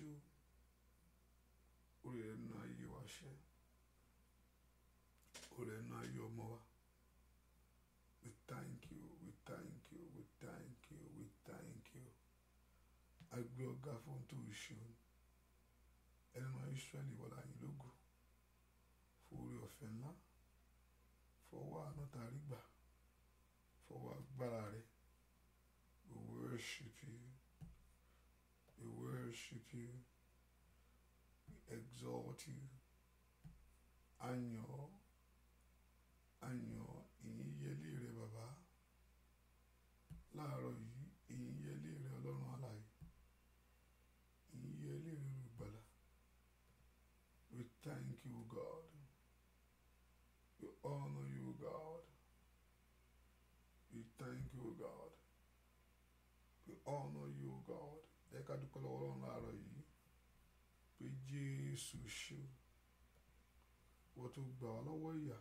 issue ó rẹ̀ nu ayé wa ṣẹ́ ó rẹ̀ nu ayé ọmọ wa we thank you we thank you we thank you we thank you a gbé ọ̀gá fún tó ṣe o ẹni máa Ísírẹ́lì wọ́n láyé lógo fún orí ọ̀fẹ́ ńlá fọwọ́ àánú tàrí gbà fọwọ́ agbára rẹ̀ we worship worship you. We exalt you. And your and your in your bàbá. Láàárọ̀ yìí ìyìn yẹlé rẹ ọlọ́run alààyè. Ìyìn yẹlé rẹ olùgbàlà. We thank you, God. We honor you, God. We thank you, God. We honor you, God. Ẹ ká dúpẹ́ lọ́wọ́ ọlọ́run Jésù ṣeun. Wọ́n tó gbà wá lọ́wọ́ ìyà.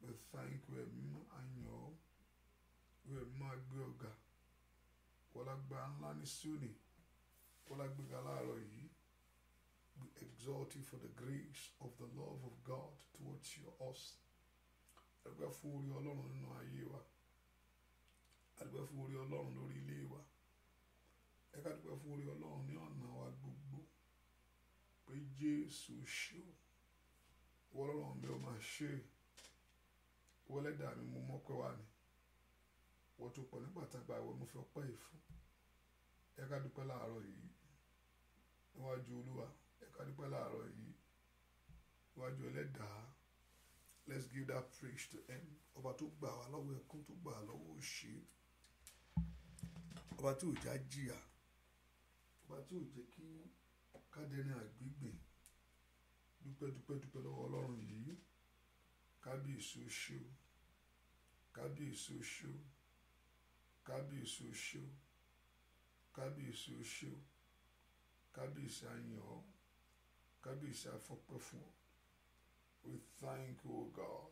We thank you ẹ̀mí àyàn ọ́. Ìwé máa gbé ọ̀gá. Wọ́n lágbá ńlá ní Súnì. Wọ́n lágbéga láàárọ̀ yìí. We exalt you for the grace of the love of God towards your us. Ẹgbẹ́ fún orí Ọlọ́run nínú ayé wa. Ẹgbẹ́ fún orí Ọlọ́run lórí ilé wa. Ẹ ká dúpẹ́ fún orí Ọlọ́run ní ọ̀nà jesu ṣe wọ́n lọ́rùn ṣe wọ́n leda mi mo mọ́pẹ́ wá wọ́n tó pọ̀ nígbà ìwọ mo fi ọpẹ́ yìí ẹ ká dúpẹ́ láàárọ̀ yìí níwájú olúwa ẹ ká dúpẹ́ láàárọ̀ yìí níwájú ẹlẹ́dàá let's give that praise to him ọba tó gbà wá lọ́wọ́ ẹkún tó gbà lọ́wọ́ òṣè ọba tí ò jìyà ọba tí jẹ́ kí dúpẹ́ dúpẹ́ dúpẹ́ lọ́wọ́ ọlọ́run yìí kábíyèsí ó kábíyèsí ó kábíyèsí ó kábíyèsí ó kábíyèsí a kábíyèsí a fún ọ we thank you o God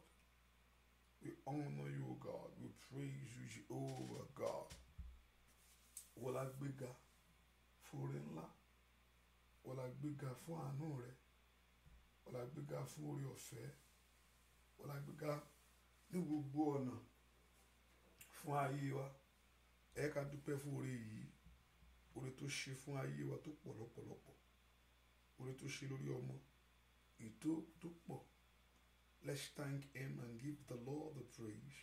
we honour you o God we praise you oh God wọ́n la gbéga fún oore ńlá wọ́n la gbéga fún àánú rẹ̀. fún orí ọ̀fẹ́ ní gbogbo ọ̀nà fún ayé wa ẹ ká dúpẹ́ fún orí yìí orí tó ṣe fún ayé wa tó pọ̀ lọ́pọ̀lọpọ̀ orí tó ṣe lórí ọmọ ètò tó pọ̀ let's thank him and give the Lord the praise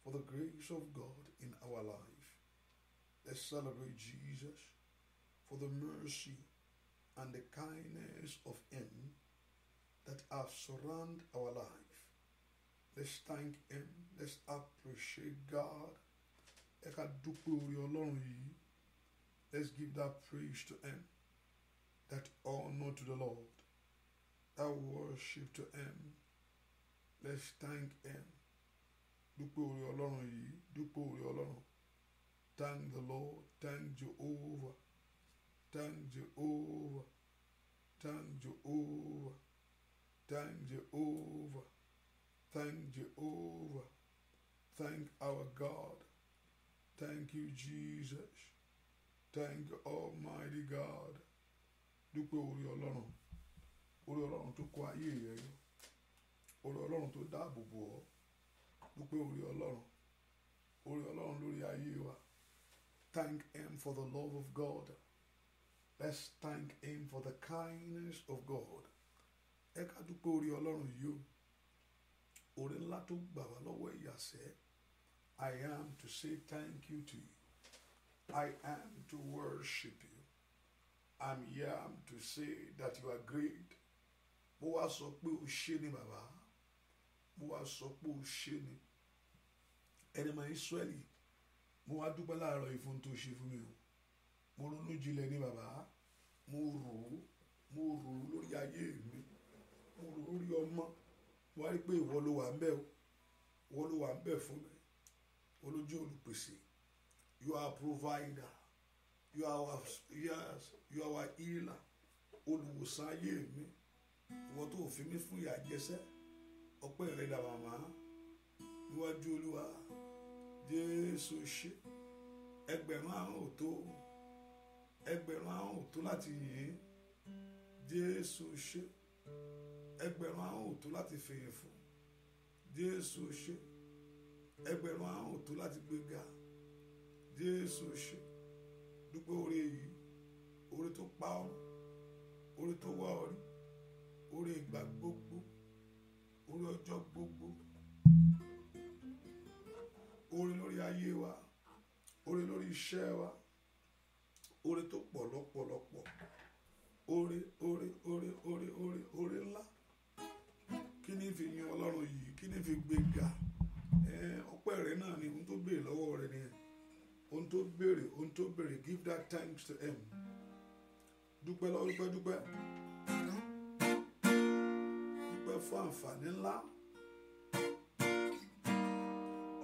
for the grace of God in our life let's celebrate Jesus for the mercy and the kindness of him that have surrounded our life. Let's thank Him. Let's appreciate God. Ẹ ká dúpẹ́ Let's give that praise to Him. That honor to the Lord. That worship to Him. Let's thank Him. Dúpẹ́ orí Ọlọ́run yìí. Thank the Lord. Thank Jehovah. Thank Jehovah. Thank Jehovah. Thank Jehovah. Thank Jehovah. Thank our God. Thank you, Jesus. Thank Almighty God. Dúpẹ́ orí Ọlọ́run. Orí Ọlọ́run tó kó ayé rẹ yọ. Orí Ọlọ́run tó dáàbò bò ọ́. Dúpẹ́ orí Ọlọ́run. Orí Ọlọ́run lórí ayé wa. Thank Him for the love of God. Let's thank Him for the kindness of God. ẹ ká dúpẹ́ orí ọlọ́run yìí o orí ńlá tó gbà wá lọ́wọ́ ìyàsẹ́ I am to say thank you to you I am to worship you I'm here to say that you are great mo wá sọ pé o ṣé ni bàbá mo wá sọ pé o ṣé ni ẹni máa Ísírẹ́lì mo wá dúpẹ́ láàárọ̀ ìfún tó ṣe fún mi o mo ronú jinlẹ̀ ní bàbá mo rò ó mo rò ó lórí ayé mi orí ọmọ wá rí pé ìwọ ló wà ń bẹ̀ ìwọ ló wà ń bẹ̀ fún mi ìwọ olùpèsè you are provider you are our yes you are our healer olùwòsàn ayé mi ìwọ tó fi mí fún ìyà jẹsẹ ọpẹ́ rẹ dà màmá níwájú olúwa jésù ṣe ẹgbẹ̀rún àrùn ò tó àrùn ò láti yìn jésù ṣe ẹgbẹ̀rún ahọ́n ò tó láti fèyìn fún Jésù ṣe ẹgbẹ̀rún ahọ́n ò tó láti gbéga Jésù ṣe dúpẹ́ oore yìí oore tó pa ọ́ oore tó wá ọ rí oore ìgbà gbogbo oore ọjọ́ gbogbo oore lórí ayé wa oore lórí iṣẹ́ wa oore tó pọ̀ lọ́pọ̀lọpọ̀ oore oore oore oore oore oore ńlá kí ni fi yin ọlọ́run yìí kí ni fi gbé ga ọpẹ́ rẹ̀ náà ni ohun tó béèrè lọ́wọ́ rẹ̀ nìyẹn ohun tó béèrè ohun tó béèrè give that thanks to him dúpẹ́ lọ́wọ́ dúpẹ́ dúpẹ́ dúpẹ́ fún àǹfààní ńlá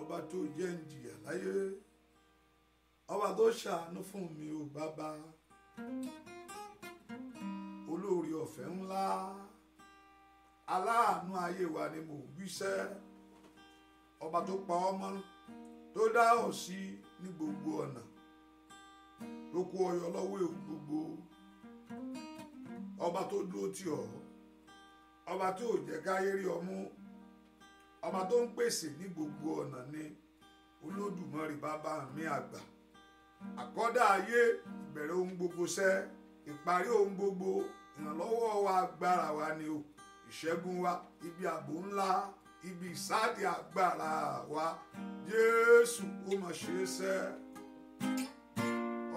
ọba tó jẹ́ ń jìyà láyé ọba tó ṣàánú fún mi ò bàbá olóore ọ̀fẹ́ ńlá. aláàánú ayé wa ni mò ń wíṣẹ́ ọba tó pa ọmọ tó dáhùn sí ní gbogbo ọ̀nà tó kó ọyọ lọ́wọ́ èwù gbogbo ọba tó dúró tì ọ́ ọba tó ò jẹ́ káyé rí ọmú ọba tó ń pèsè ní gbogbo ọ̀nà ni olódùmarè bàbá mi àgbà àkọ́dá ayé ìbẹ̀rẹ̀ ohun gbogbo ṣẹ́ ìparí ohun gbogbo ìrànlọ́wọ́ wa agbára wa ni o. ìṣẹ́gun wa ibi ààbò ńlá ibi ìsáàdì agbára wa jésù ó mà ṣe é sẹ́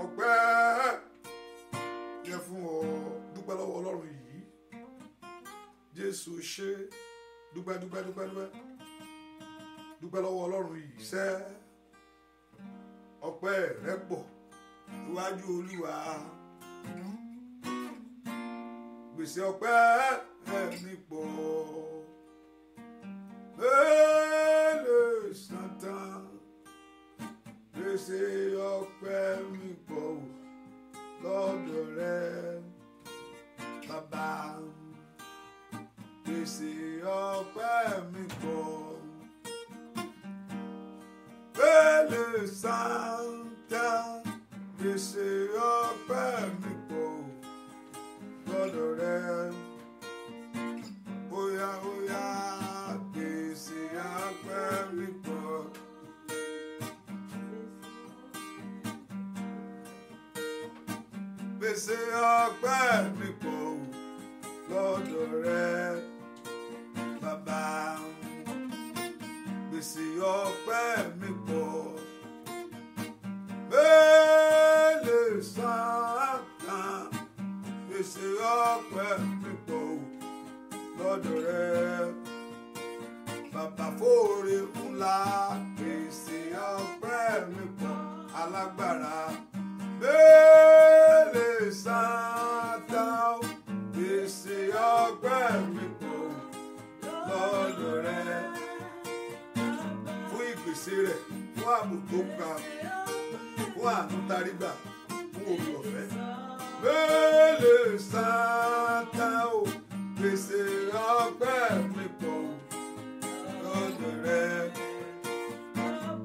ọpẹ́ yẹ fún ọ dúpẹ́ lọ́wọ́ ọlọ́run yìí jésù ṣe dúpẹ́ dúpẹ́ dúpẹ́ dúpẹ́ dúpẹ́ lọ́wọ́ ọlọ́run yìí sẹ́ ọpẹ́ rẹ pọ̀ iwájú olúwa gbèsè ọpẹ́ ẹ̀mí pọ̀ mélòó sàtán pèsè ọpẹ́ mi pọ̀ lọ́dọ̀ rẹ bàbá pèsè ọpẹ́ mi pọ̀ mélòó sàtán pèsè ọpẹ́ mi pọ̀ lọ́dọ̀ rẹ. ṣe ọpẹ́ mi pọ̀ lọ́dọ̀ rẹ bàbá gbèsè ọpẹ́ mi pọ̀ mélè sáàtà gbèsè ọpẹ́ mi pọ̀ lọ́dọ̀ rẹ bàbá fòrè ńlá. ìpèsè rẹ̀ fún ààbò tó ga fún àánú tarígbà fún òbí ọ̀fẹ́. Bẹ́ẹ̀lẹ̀ sáátá o, pèsè ọpẹ́ mi pọ̀ o, lọ́dọ̀ rẹ̀.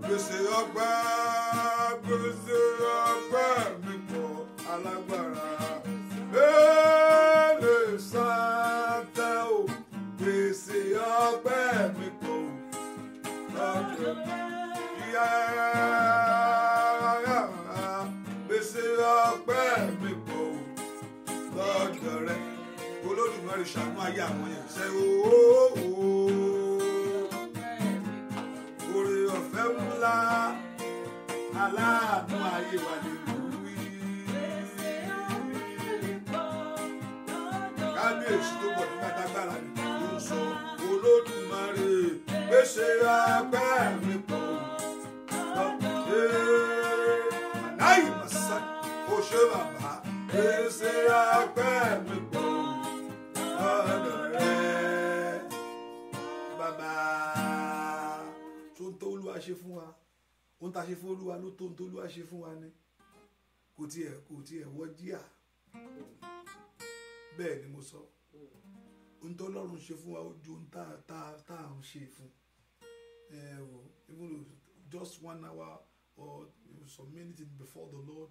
Pèsè ọpẹ́. lọ́dọ̀ rẹ olódùmarè ṣàánú ayé àwọn yẹn ṣe ooo oore ọ̀fẹ́ ńlá aláàánú ayé wa lè lù wí. kábíyèsí tó bọ̀ nígbà dágbára ni ló ń sọ olódùmarè pèsè apẹ́ mi pọ̀ lọ́dọ̀ ṣe àláyé màsá kò ṣe bàbá èsè apẹ́ mi kò ọ̀dọ̀ rẹ bàbá tó ń tó olúwa ṣe fún wa ó ń ta ṣe fún olúwa ló tó ń tó olúwa ṣe fún wa ni kò tiẹ̀ kò tiẹ̀ wọ́ bẹ́ẹ̀ ni mo sọ ohun tó lọ́run ṣe fún wa ó ju ohun tá tá tá à ń ṣe fún ẹ o just one hour or some minutes before the Lord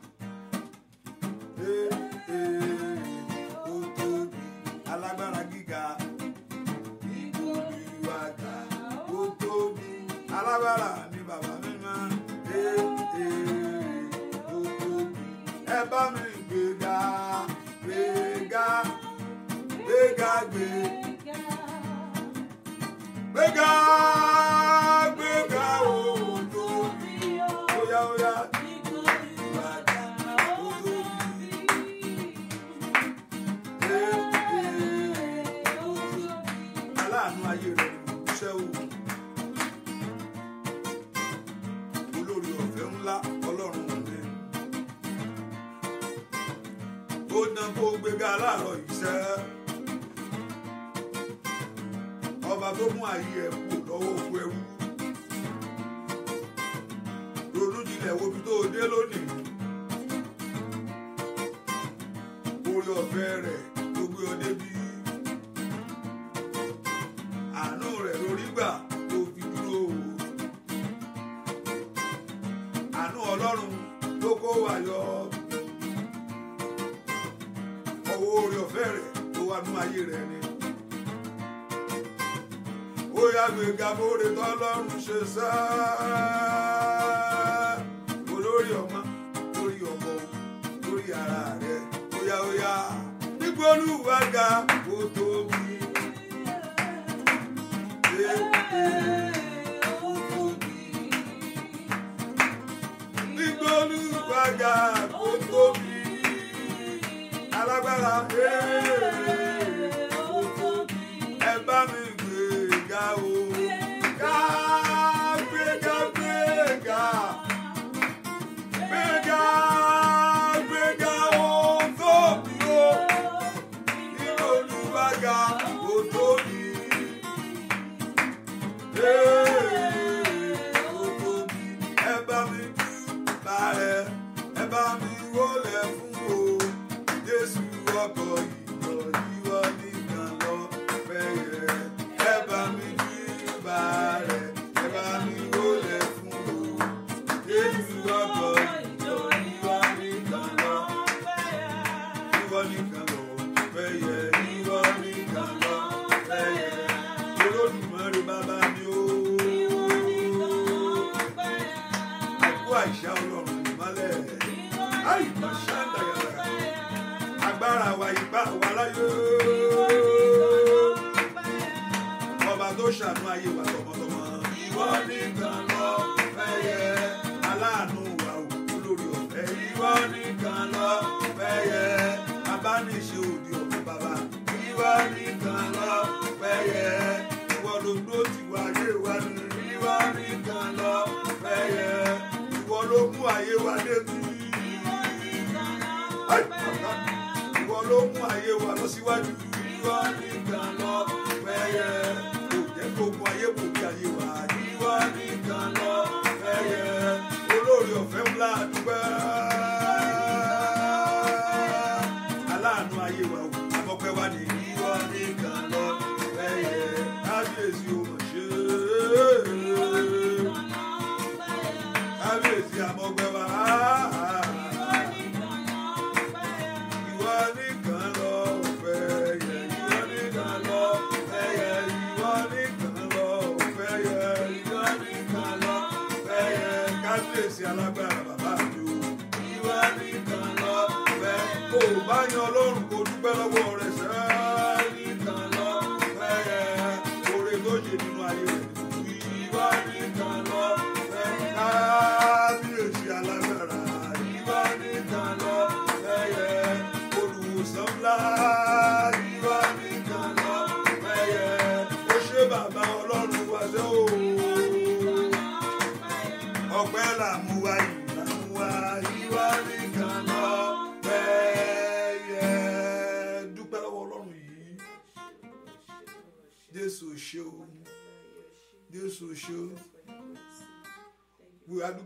ó tóbi alágbára gíga ìwàgbà ó tóbi alágbára ni bàbá mi máa ó tóbi ẹ bá mi gbéga gbéga gbéga gbé gbéga. kó gbégbá aláàárọ̀ yìí ọba tó mú ayé ẹ̀ kú lọ́wọ́ òkú ẹrú ronú jinlẹ̀ wo bí tó dé lónìí orí ọ̀fẹ́ rẹ̀ tó gbé ọ débi. gbéga fóore tọ́lọ́run ṣe sá olórí ọmọ lórí ọkọ lórí ara rẹ óyáóyá nígbà olúwa ga kó tó bí. Nígbà olúwa ga kó tó bí. alágbára. Yeah.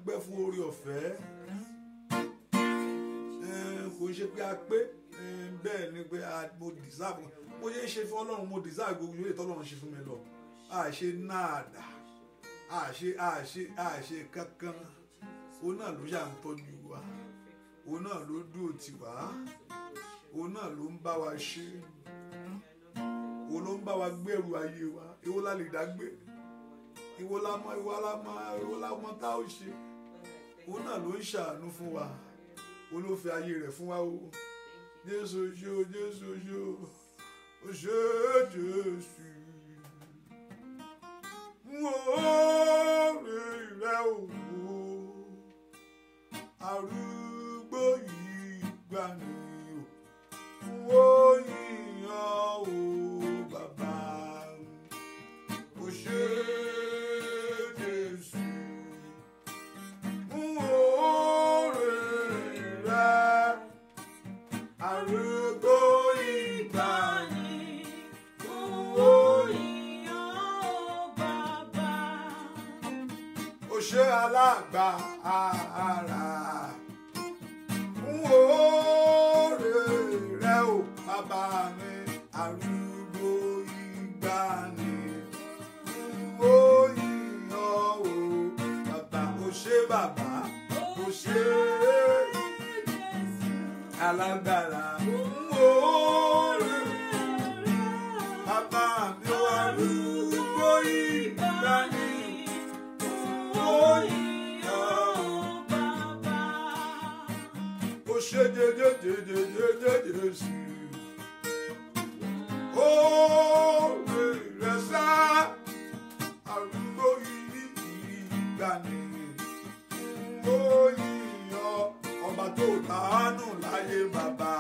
dúpẹ́ fún orí ọ̀fẹ́ kò ṣe pé a pé bẹ́ẹ̀ ni pé mo deserve mo ṣe ń ṣe fún ọlọ́run mo deserve gbogbo ilé tọ́lọ́run ṣe fún mi lọ àṣe náàdà àṣe àṣe àṣe kankan òun náà ló ṣà ń tọ́jú wa òun náà ló dúró tì wá òun náà ló ń bá wa ṣe òun ló ń bá wa gbèrú ayé wa èwo lè dá gbé èwo mọ èwo mọ èwo mọ tá ò ṣe òun náà ló ń ṣàánú fún wa olófẹ́ ayé rẹ̀ fún wa o jésù ṣe o jésù ṣe o o jésù n ò rí rẹ òwò arúgbó yìí gbani. ara n ò rè rẹ ò bàbá mi arúgbó igba ni n ò yìn ọ́ o bàbá o ṣé bàbá o ṣé alágbára o. Oh, ṣe dédédédédé Jésù. Ó lè rẹ̀ sá àrùgbó yìí ìgbàanì. Ó yìí yan ọba tó tàánù láyé bàbá.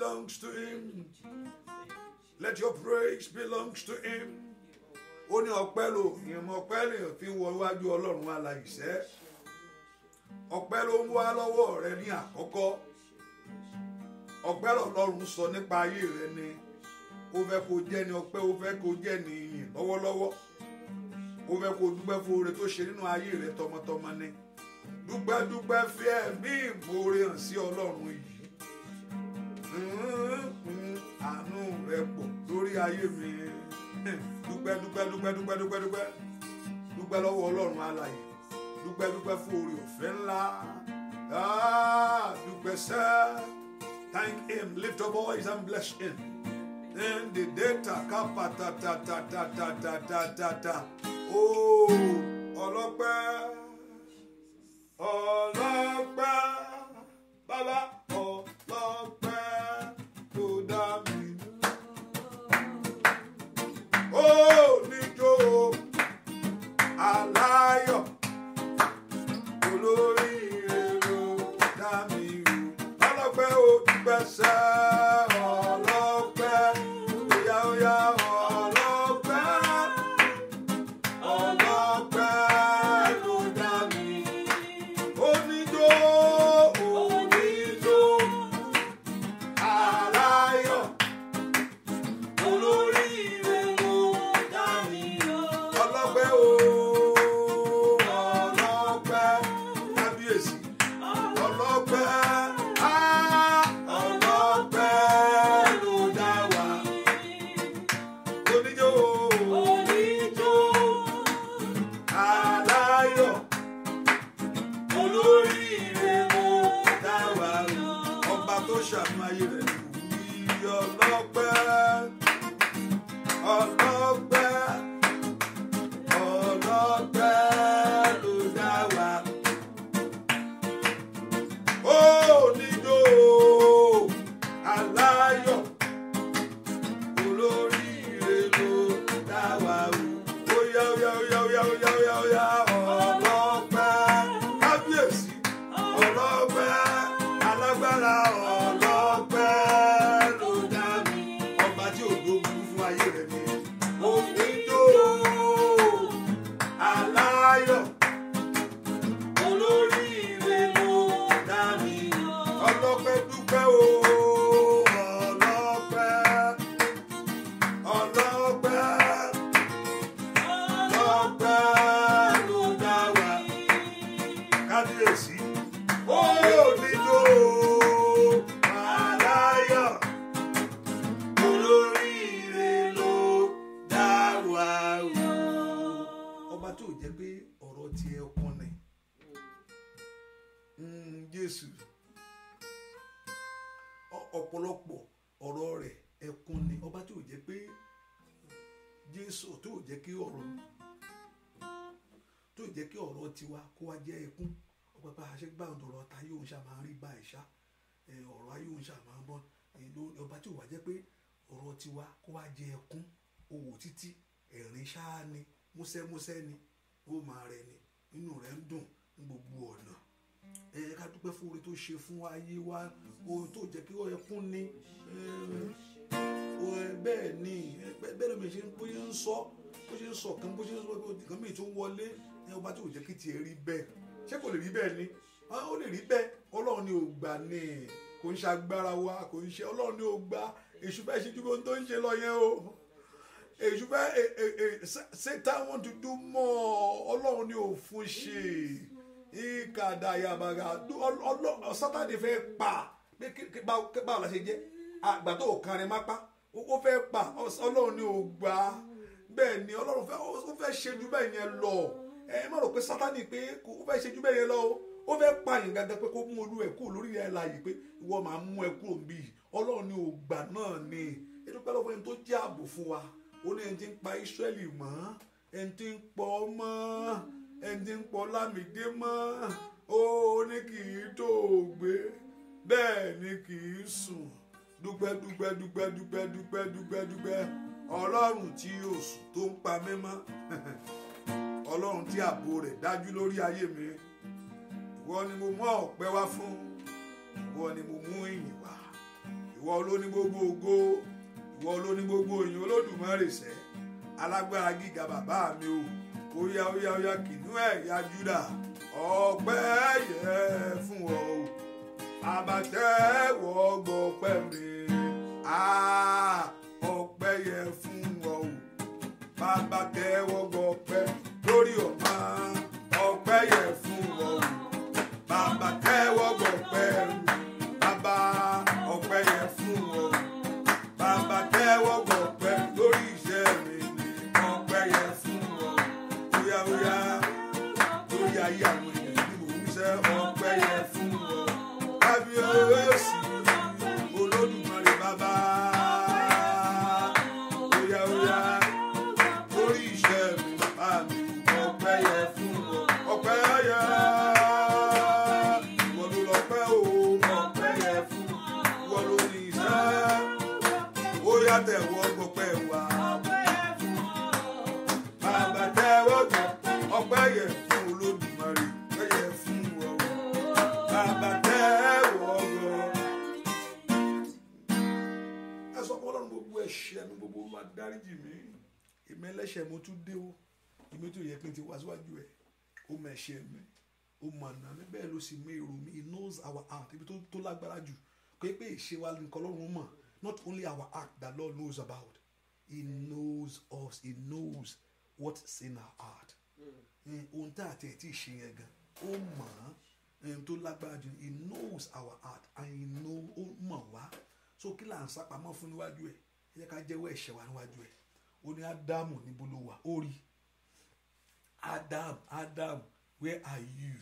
belongs to him. Let your praise belong to him. O ní ọpẹ́ ló ìmọ̀ ọpẹ́ lèèyàn fi wọ iwájú Ọlọ́run alàyìíṣẹ́. Ọpẹ́ ló ń wá lọ́wọ́ rẹ ní àkọ́kọ́. Ọpẹ́ lọ́lọ́run sọ nípa ayé rẹ ni. Ó fẹ́ kó jẹ́ ni ọpẹ́ ó fẹ́ kó jẹ́ ni ìyìn lọ́wọ́lọ́wọ́. Ó fẹ́ kó dúpẹ́ fún oore tó ṣe nínú ayé rẹ tọmọtọmọ ni. Dúpẹ́ dúpẹ́ fi ẹ̀mí ìmoore hàn sí Ọlọ́run yìí kun mm-hmm. àánú rẹ pọ̀ lórí ayé mi dúpẹ́ dúpẹ́ dúpẹ́ dúpẹ́ dúpẹ́ dúpẹ́ dúpẹ́ lọ́wọ́ ọlọ́run alààyè dúpẹ́ dúpẹ́ fún oore ọ̀fẹ́ ńlá ah, dúpẹ́ sẹ́ thank him lift up voice and bless him then the data kápá ta ta ta ta ta ta ta ta ta ooo oh, ọlọ́pẹ́ ọlọ́pẹ́ bàbá. ọ̀pọ̀lọpọ̀ ọ̀rọ̀ rẹ̀ ẹkún ni ọba tí ò jẹ́ pé Jésù tó ò jẹ́ kí ọ̀rọ̀ tó ò jẹ́ kí ọ̀rọ̀ tiwa kó wa jẹ́ ẹkún ọba bá a ṣe gbà ọ̀rọ̀ ta yóò ń ṣá máa rí báyìí ṣá ọ̀rọ̀ ayé òun ṣá máa ń bọ́ ọba tí ò wá jẹ́ pé ọ̀rọ̀ tiwa kó wa jẹ́ ẹkún owó títí ẹ̀rín ṣáá ni músẹ́músẹ́ ni ó máa rẹ ni inú rẹ̀ ń dùn ní gbogbo ọ̀nà. ẹ ká dúpẹ́ fún oore tó ṣe fún ayé wa oore tó jẹ́ kí ẹkún ni bẹ́ẹ̀ ni bẹ́ẹ̀ lómi ṣe bó ṣe ń sọ bó ṣe ń sọ kan bó ṣe ń sọ kan míì tó ń wọlé ẹ ọba tí jẹ́ kí tiẹ̀ rí bẹ́ẹ̀ ṣé kò lè rí bẹ́ẹ̀ ni ó lè rí bẹ́ẹ̀ ọlọ́run ni ò gbà ni kò ń ṣagbára wa kò ń ṣe ọlọ́run ni ò gbà èṣù bẹ́ẹ̀ ṣe ju ohun tó ń ṣe lọ yẹn o èṣù bẹ́ẹ̀ e, e, e, Satan want to do more ọlọ́run ni ò fún ṣe ìkàdàyàmàgà sátani fẹ́ pa báwo la ṣe jẹ́ àgbà tó kàrin má pa ó fẹ́ pa ọlọ́run ni ò gbà á bẹ́ẹ̀ ni ọlọ́run ó fẹ́ ṣe ju bẹ́ẹ̀ yẹn lọ ẹ má rò pé sátani pé ó fẹ́ ṣe ju bẹ́ẹ̀ yẹn lọ ó fẹ́ pààyàn gangan pé kó mú olú ẹ̀ kúrò lórí ẹ̀ láàyè pé ìwọ máa mú ẹ kúrò níbí ọlọ́run ni ò gbà náà ni ìdúpẹ́ lọ́wọ́ ẹni tó jẹ́ ààbò fún wa ó ní ẹni tí ń pa Ísírẹ́lì mọ́ ẹni tí ń pọ̀ mọ́ ẹni ń pọ lámìdé mọ́ ó ní kì í tó gbé bẹ́ẹ̀ ni kì í sùn dúpẹ́ dúpẹ́ dúpẹ́ dúpẹ́ dúpẹ́ dúpẹ́ dúpẹ́ ọlọ́run tí yóò sùn tó ń pa mí mọ́ ọlọ́run tí ààbò rẹ̀ dájú lórí ayé mi ìwọ ni mo mú ọ̀pẹ wá fún ìwọ ni mo mú ìyìn wá ìwọ ló ní gbogbo ògo ìwọ ló ní gbogbo ìyìn olódùmarè sẹ́ alágbára gíga bàbá mi o. Oya oya oya kìnìún ya Júdà ọpẹ́ yẹ fún ọ àbàtẹ́wọ́ gbọ́pẹ́ mi ah, ọpẹ́ yẹ fún ọ bàbá tẹ́wọ́ gbọ́pẹ́ lórí ọ̀ma ọpẹ́ yẹ fún ọ bàbá tẹ́wọ́ gbọ́pẹ́ mi. yeah. ẹ̀ṣẹ̀ mi ó mọ̀ ọ̀nà mi bẹ́ẹ̀ ló sì mọ èrò mi he knows our heart ibi tó lágbára jù pé ìṣe wa nìkan lọ́run mọ̀ not only our heart that Lord knows about he knows us he knows what's in our heart hmm. Hmm, ohun tá àti ẹ̀ tí ṣe yẹn gan ó mọ̀ ọ́n tó lágbára jù he knows our heart and he know ó mọ̀ wá so kí là ń sápamọ́ fún níwájú ẹ̀ ẹ jẹ́ ká jẹ́wọ́ ẹ̀ṣẹ̀ wa níwájú ẹ̀ ó ní Ádámù níbo ló wà ó rí Ádámù Ádámù where are you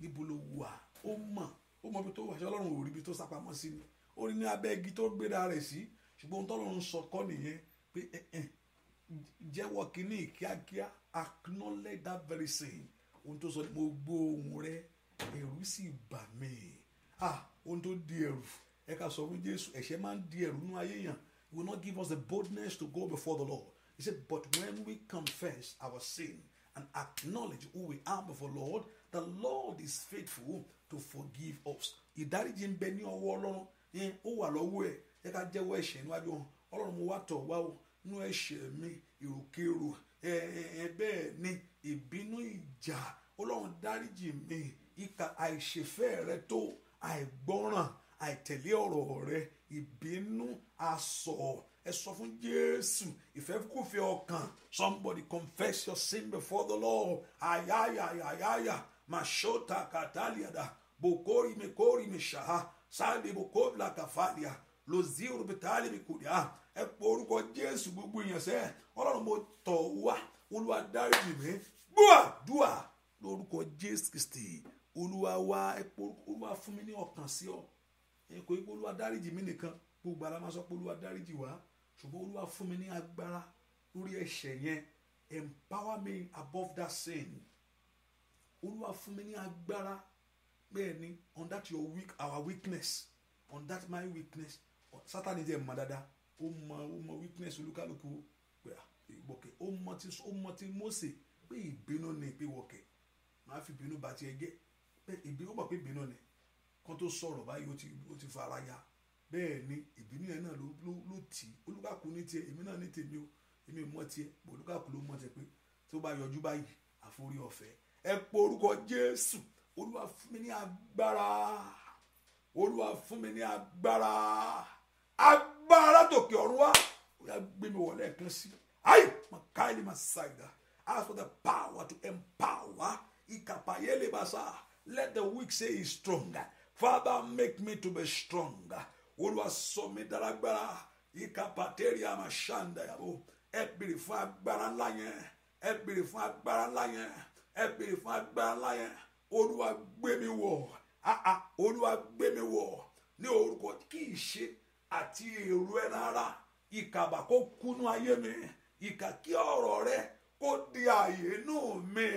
níbo ló wà ó mọ̀ ó mọ̀ ibi tó wà ṣé ọlọ́run ò rí ibi tó sápamọ́ sí ni ó rí ní abẹ́ igi tó gbéra rẹ̀ sí ṣùgbọ́n ohun tọ́lọ́run sọ kọ́ nìyẹn pé jẹ́wọ́ kínní kíákíá acknowledge that very thing ohun tó sọ ni mo gbọ́ ohùn rẹ ẹ̀rù sì bà mí ah ohun tó di ẹ̀rù ẹ ká sọ fún Jésù ẹ̀ṣẹ̀ máa ń di ẹ̀rù nínú ayé yàn will not give us the boldness to go before the Lord he said but when we confess our sin and acknowledge who we are before Lord, the Lord is faithful to forgive us. Ìdáríjì ń bẹ ní ọwọ́ Ọlọ́run ní ó wà lọ́wọ́ ẹ̀ ẹ ká jẹ́wọ́ ẹ̀ṣẹ̀ níwájú ọ̀hún Ọlọ́run mo wá tọ̀ wá o nú ẹ̀ṣẹ̀ mi ìròkèrò ẹ bẹ́ẹ̀ ni ìbínú ìjà Ọlọ́run dáríjì mi ìkà àìṣèfẹ́ rẹ tó àìgbọ́ràn àìtẹ̀lé ọ̀rọ̀ rẹ ìbínú asọ̀ ẹ sọ fún jésù ìfẹ́kùfẹ́ ọkàn somebody confess your sin before the lord ayayayayaya mashota kataliada bokori mekori meshaha sáàdì bokovla kafalia loziru bitali bikudia ẹ pọ orúkọ jésù gbogbo èèyàn sẹ ọlọ́run mo tọ̀ wá olúwa dáríjì mi gbúà dúà lórúkọ jésù kristi olúwa wá ẹ pọ olúwa fún mi ní ọkàn sí ọ ẹ kò í olúwa dáríjì mi nìkan gbogbo ara máa sọ pé olúwa dáríjì wá ṣùgbọ́n olúwa fún mi ní agbára lórí ẹ̀ṣẹ̀ yẹn empower me above that sin olúwa fún mi ní agbára bẹ́ẹ̀ ni on that your weak our weakness on that my weakness sátani jẹ́ mọ̀ dáadáa ó mọ ó mọ weakness olúkálùkù pé ah, ìgbọ̀kẹ́ ó mọ ti ó mọ ti Mósè pé ìbínú ni pé wọ̀kẹ́ máa fi ìbínú bá tiẹ̀ jẹ́ pé ìbínú ó mọ̀ pé ìbínú ni kan tó sọ̀rọ̀ báyìí ó ti fara ya bẹ́ẹ̀ ni ìbínú yẹn náà ló tì í olúkàkú ní tiẹ̀ èmi náà ní tèmi o èmi mọ̀ tiẹ̀ olúkàkú ló mọ̀ tiẹ̀ pé tó bá yọjú báyìí àforí ọ̀fẹ́ ẹ pọ orúkọ jésù olúwa fún mi ní agbára olúwa fún mi ní agbára agbára tòkè ọ̀run wá olúwa gbé ask for the power to empower basa let the weak say he is father make me to be stronger. olúwa sọ mí dáradára ìkàpàtẹ́rì àmà ṣàǹdà yàwó ẹ bèrè fún agbára ńlá yẹn ẹ bèrè fún agbára ńlá yẹn ẹ bèrè fún agbára ńlá yẹn olúwa gbé mi wọ̀ àà olúwa gbé mi wọ̀ ní orúkọ kì ṣe àti èrò ẹ rárá ìkàbà kó kúnú ayé mi ìkà kí ọ̀rọ̀ rẹ kó di àyè inú mi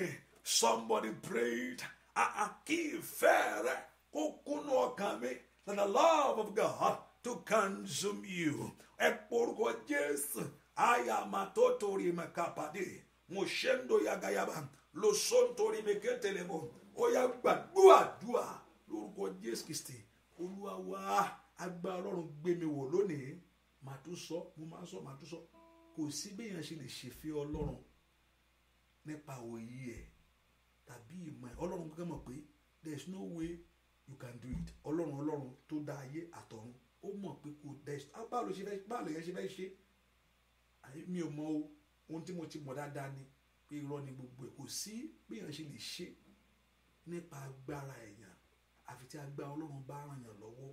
somebody prayed àà kí ìfẹ́ rẹ kó kúnú ọkàn mi than the love of God to consume you. Ẹ porúkọ Jésù, àyà máa tó torí mi kápádé, mo ṣe ń do yagayaba, lo so ń torí mi kéńtẹ̀lẹ̀ bọ̀, ó yá gbàdúràdúà lórúkọ Jésù Kristì, Olúwa wa agbára Ọlọ́run gbé mi wò lónìí, màá tún sọ, mo máa ń kò sí béèyàn ṣe lè ṣèfẹ́ Ọlọ́run nípa òye ẹ̀ tàbí ìmọ̀ ẹ̀ Ọlọ́run gbọ́dọ̀ mọ̀ pé there is no way you can do it ọlọ́run ọlọ́run tó dá ayé àtọ̀run ó mọ̀ pé kò dẹ́ ah, báwo ṣe fẹ́ báwo yẹn ṣe fẹ́ ṣe mi ò mọ o ohun tí mo ti mọ̀ dáadáa ni pé irọ́ ni gbogbo ẹ̀ kò sí bí èèyàn ṣe lè ṣe nípa agbára èèyàn àfi tí agbára ọlọ́run bá ràn yàn lọ́wọ́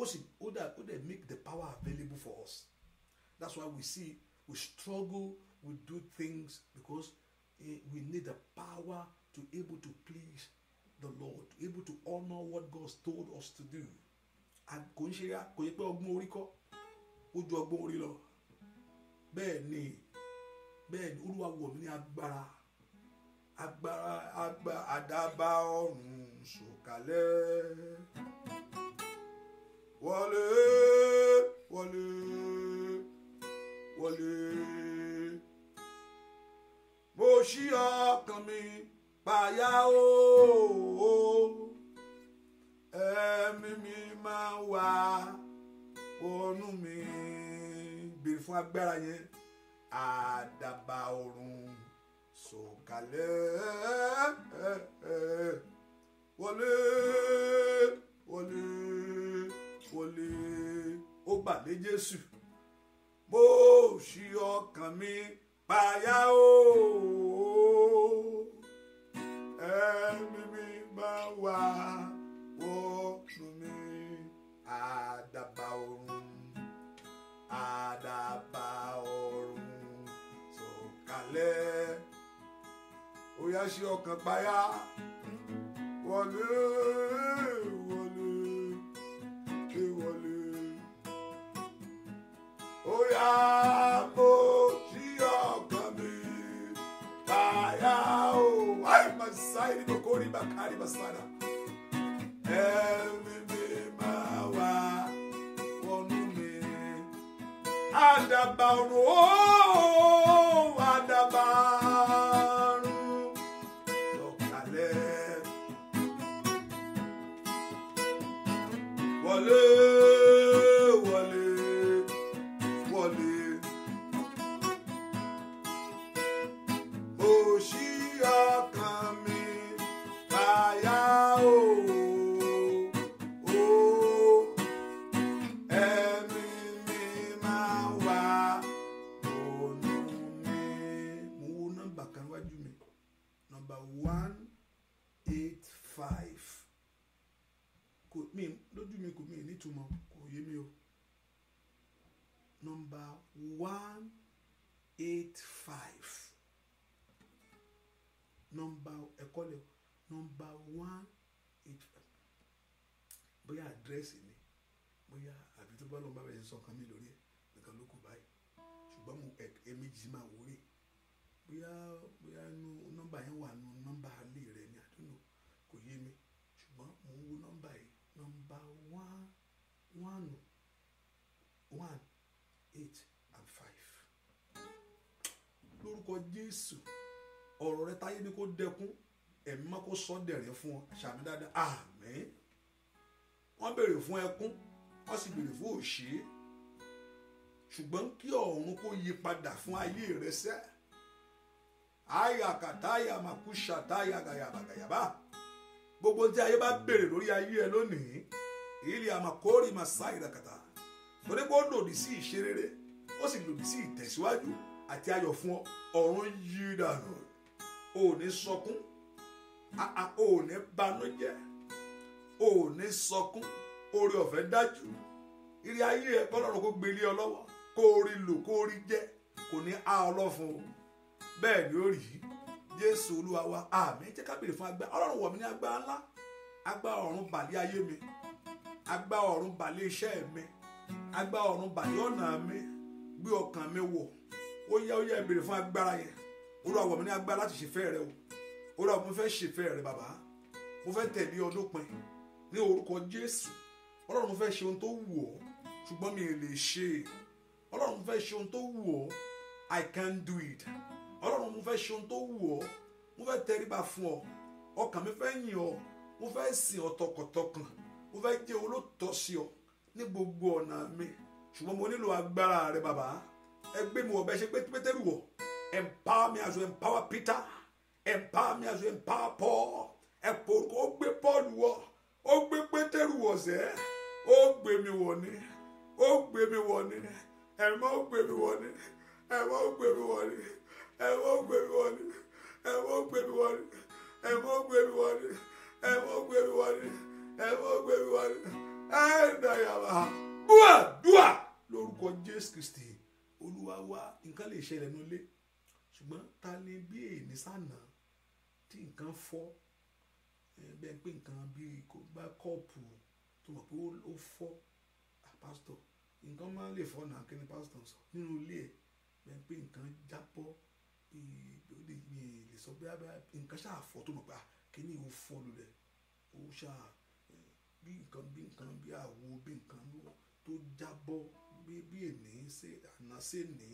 ó sì ó dà ó dẹ̀ make the power available for us that's why we see we struggle we do things because eh, we need the power to able to please the Lord able to honor what God's told us to do kò ń ṣe kò yẹ pé ọgbọ́n orí kọ́ ó ju ọgbọ́n orí lọ bẹ́ẹ̀ ni bẹ́ẹ̀ ni Olúwa wọ̀ mí ní agbára agbára agbára àdábá ọ̀run sọ̀kalẹ̀ wọlé wọlé wọlé mo ṣí ọkàn mi pàyà ooo ẹ̀mí mi máa wà wọnú mi béèrè fún agbára yẹn àdàbà ọ̀run sọ̀kalẹ̀ wọlé wọlé wọlé ó bà lé Jésù bó ṣí ọkàn mi pàyà ooo ẹ̀mí mi máa wà wọnú mi àdàbà ọ̀run àdàbà ọ̀run sọ̀kalẹ̀ oyá ṣe ọkàn payá wọlé wọlé wọlé oya. mo. sairi kokori bakari basara emimimawa wonume adabaonuo one eight five nọ́mbà ẹ̀kọ́ lẹ Number one eight five bóyá àdírẹ́sì ni bóyá àbí tó bá lọ́nba bẹ̀rẹ̀ sọ nǹkan mi lórí ẹ̀ nǹkan ló kù báyìí ṣùgbọ́n mo ẹ̀ ẹ̀mí jì máa wúrí lórúkọ jésù ọ̀rọ̀ rẹ táyé ni kó dẹkún ẹ̀mí má kó sọ dẹ̀rẹ̀ fún ọ ṣàmì dáadáa àmín wọ́n béèrè fún ẹkún wọ́n sì béèrè fún òṣè ṣùgbọ́n kí ọ̀run kó yí padà fún ayé rẹ sẹ́ ayakataya makushataya gayabagayaba gbogbo tí ayé bá béèrè lórí ayé ẹ lónìí ilé àmàkórè màsáì rẹ torí pé lòdì sí ìṣerere ó sì lòdì sí ìtẹ̀síwájú. Si àti ayọ̀ fún ọ ọ̀run yí dànù o ò ní sọkún o ò ní banújẹ́ o ò ní sọkún oore ọ̀fẹ́ dájú ìrì ayé ẹ kọ́lọ́run kó gbélé ọ lọ́wọ́ kó o rí lò kó o rí jẹ kò ní á ọ lọ́fun o bẹ́ẹ̀ ni ó rí Jésù Olúwa wa àmín jẹ́ ká béèrè fún agbára Ọlọ́run wọ̀ mí ní agbára ńlá agbára ọ̀run bàlẹ́ ayé mi agbára ọ̀run bàlẹ́ iṣẹ́ mi agbára ọ̀run bàlẹ́ ọ̀nà mi gbé ọkàn mi wọ̀ ó yá ó yá ìbèrè fún agbára yẹn olúwa wọ̀ mí ní agbára láti ṣèfẹ́ rẹ o olúwa mo fẹ́ ṣèfẹ́ rẹ bàbá mo fẹ́ tẹ̀lé ọdún pin ní orúkọ jésù ọlọ́run mo fẹ́ ṣe ohun tó wù ọ́ ṣùgbọ́n mi ò lè ṣe é ọlọ́run mo fẹ́ ṣe ohun tó wù ọ́ i can do it ọlọ́run mo fẹ́ ṣe ohun tó wù ọ́ mo fẹ́ tẹríba fún ọ ọkàn mi fẹ́ yìn ọ mo fẹ́ sìn ọ tọkàntọkàn mo fẹ́ jẹ́ olóòótọ́ sí ọ ní gbogbo ọ̀nà mi ṣùgbọ́n mo nílò agbára rẹ bàbá ẹ gbé mi wọ̀ bẹ́ẹ̀ ṣe pé pétérù wọ̀ empower me as you empower Peter empower me as you empower Paul ẹ porúkọ ó gbé Paul wọ̀ ó gbé pétérù wọ̀ sẹ́ ó gbé mi wọ̀ ni ó gbé mi wọ̀ ni ẹ̀ mọ́ ó gbé mi wọ̀ ni ẹ̀ mọ́ ó gbé mi wọ̀ ni ẹ̀ mọ́ ó gbé mi wọ̀ ni ẹ̀ mọ́ ó gbé mi wọ̀ ni ẹ̀ mọ́ ó gbé mi wọ̀ ni ẹ̀ mọ́ ó gbé mi wọ̀ ni ẹ̀ mọ́ ó gbé mi wọ̀ ni ẹ̀ ń dàyàwó. dúà dúà lórúkọ Jésù Kristi olúwa wá nǹkan lè ṣẹlẹ̀ nínú ilé ṣùgbọ́n ta ni bí èèní sànà tí nǹkan fọ́ bẹ́ẹ̀ pé nǹkan bíi kò gbá kọ́ọ̀pù tó mọ̀ pé ó fọ́ pásítọ̀ nǹkan máa lè fọ́ náà kí ni pásítọ̀ sọ nínú ilé ẹ̀ bẹ́ẹ̀ pé nǹkan jápọ́ lè sọ pé nǹkan ṣáà fọ́ tó mọ̀ pé kí ni ó fọ́ lulẹ̀ ó ṣáà bí nǹkan bí nǹkan bí àwo bí nǹkan tó jábọ́ bí bí èní ṣe àná ṣe ní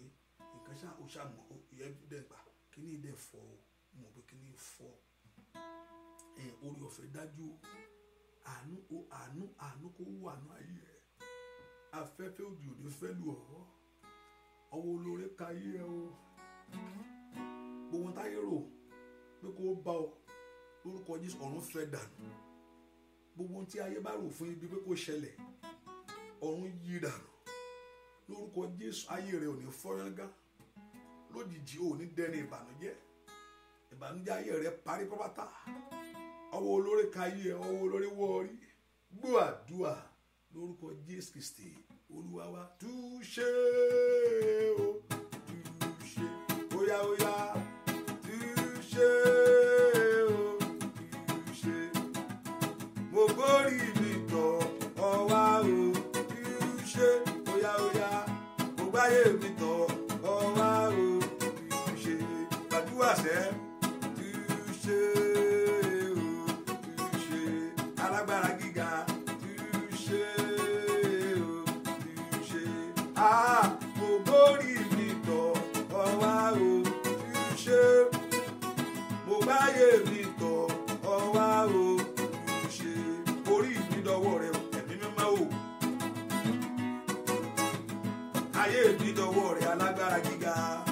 nǹkan ṣá o ṣá mọ ìyẹ́ dẹ̀ gbà kí ni dẹ̀ fọ́ o mọ̀ pé kí ni fọ́ ẹ̀ orí ọ̀fẹ́ dájú àánú o àánú àánú kó wà ní ayé rẹ̀ afẹ́fẹ́ òjò ní fẹ́ lù ọ́ ọwọ́ olóore ka ayé rẹ o gbogbo táyé rò pé kó bá ọ lórúkọ Jésù ọ̀run fẹ́ dànù gbogbo ohun tí ayé bá rò fún ibi pé kó ṣẹlẹ̀ ọ̀run yí dànù lórúkọ jésù ayé rẹ ò ní fọyángán lójijì ò ní dẹni ìbànújẹ́ ìbànújẹ ayé rẹ parí pápátá ọwọ́ olórí kayé ẹ ọwọ́ olórí wọrí gbọ́ àdúà lórúkọ jésù kristi olúwa túṣe o túṣe óyá túṣe. eu me dou. alágbára gíga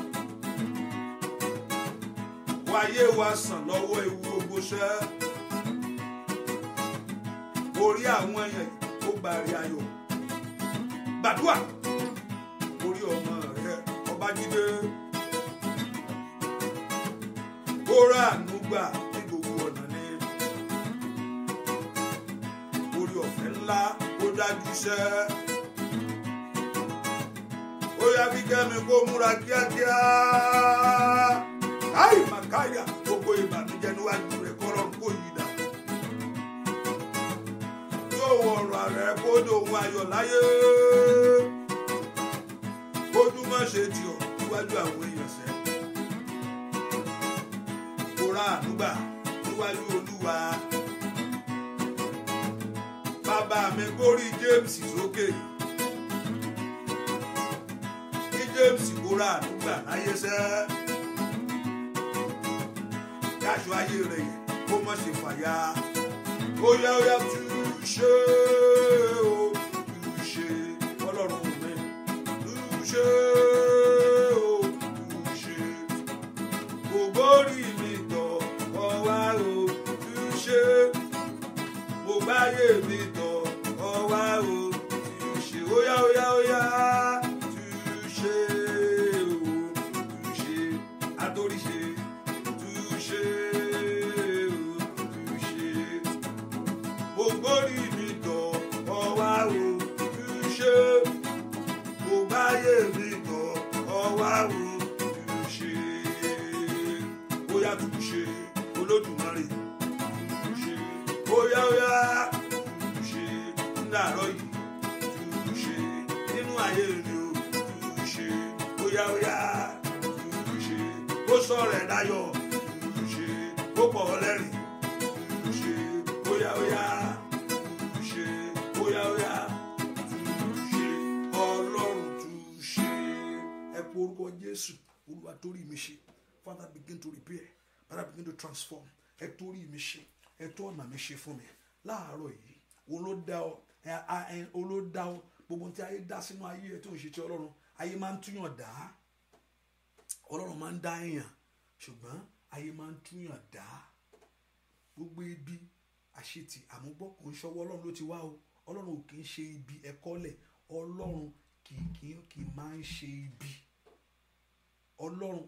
wáyé wa sàn lọ́wọ́ ewu gbogbo ṣẹ́ orí àwọn èèyàn ó gba rí ayọ̀ gbàdúrà orí ọmọ rẹ Ọbájídé ó rà àánú ní gbogbo ọ̀nà ni orí ọ̀fẹ́ ńlá ó dájú ṣẹ́. kẹ́mi kó múra kíákíá káyì màkáyà gbogbo ìbànújẹ́ níwájú rẹ̀ kọ́rọ̀ kó yí dà yóò wọ ọ̀rọ̀ rẹ̀ kó dòun ayọ̀ láyé ojú má ṣe tì ọ́ níwájú àwọn èèyàn sẹ́ kó ra àdúgbà níwájú olúwa bàbá mi kórìí James sókè. Okay. James bóra àdúgbà láyé sẹ́. Káṣọ ayé rẹ̀ yẹn kó mọ̀ ṣe fàyà. Ó yá ó yá tú ṣe é. pọ̀ lẹ́rìn ló ṣe óyá óyá ló ṣe óyá óyá ló ṣe ọlọ́run tó ṣe ẹ pé orúkọ Jésù olúwa torí mi ṣe Father begin to repair Father begin to transform ẹ torí mi ṣe ẹ tó ọ̀nà mi ṣe fún mi láàárọ̀ yìí olódà ọ olódà ọ gbogbo tí ayé dá sínú ayé ẹ tó ń ṣe ti ọlọ́run ayé máa ń túyàn dá ọlọ́run máa ń dá èèyàn ṣùgbọ́n ayé máa ń túyàn dá gbogbo ibi àṣetì àmúgbọ́ kò ń ṣọwọ́ ọlọ́run ló ti wá o ọlọ́run ò kì í ṣe ibi ẹ̀kọ́lẹ̀ ọlọ́run kì í kì í máa ń ṣe ibi ọlọ́run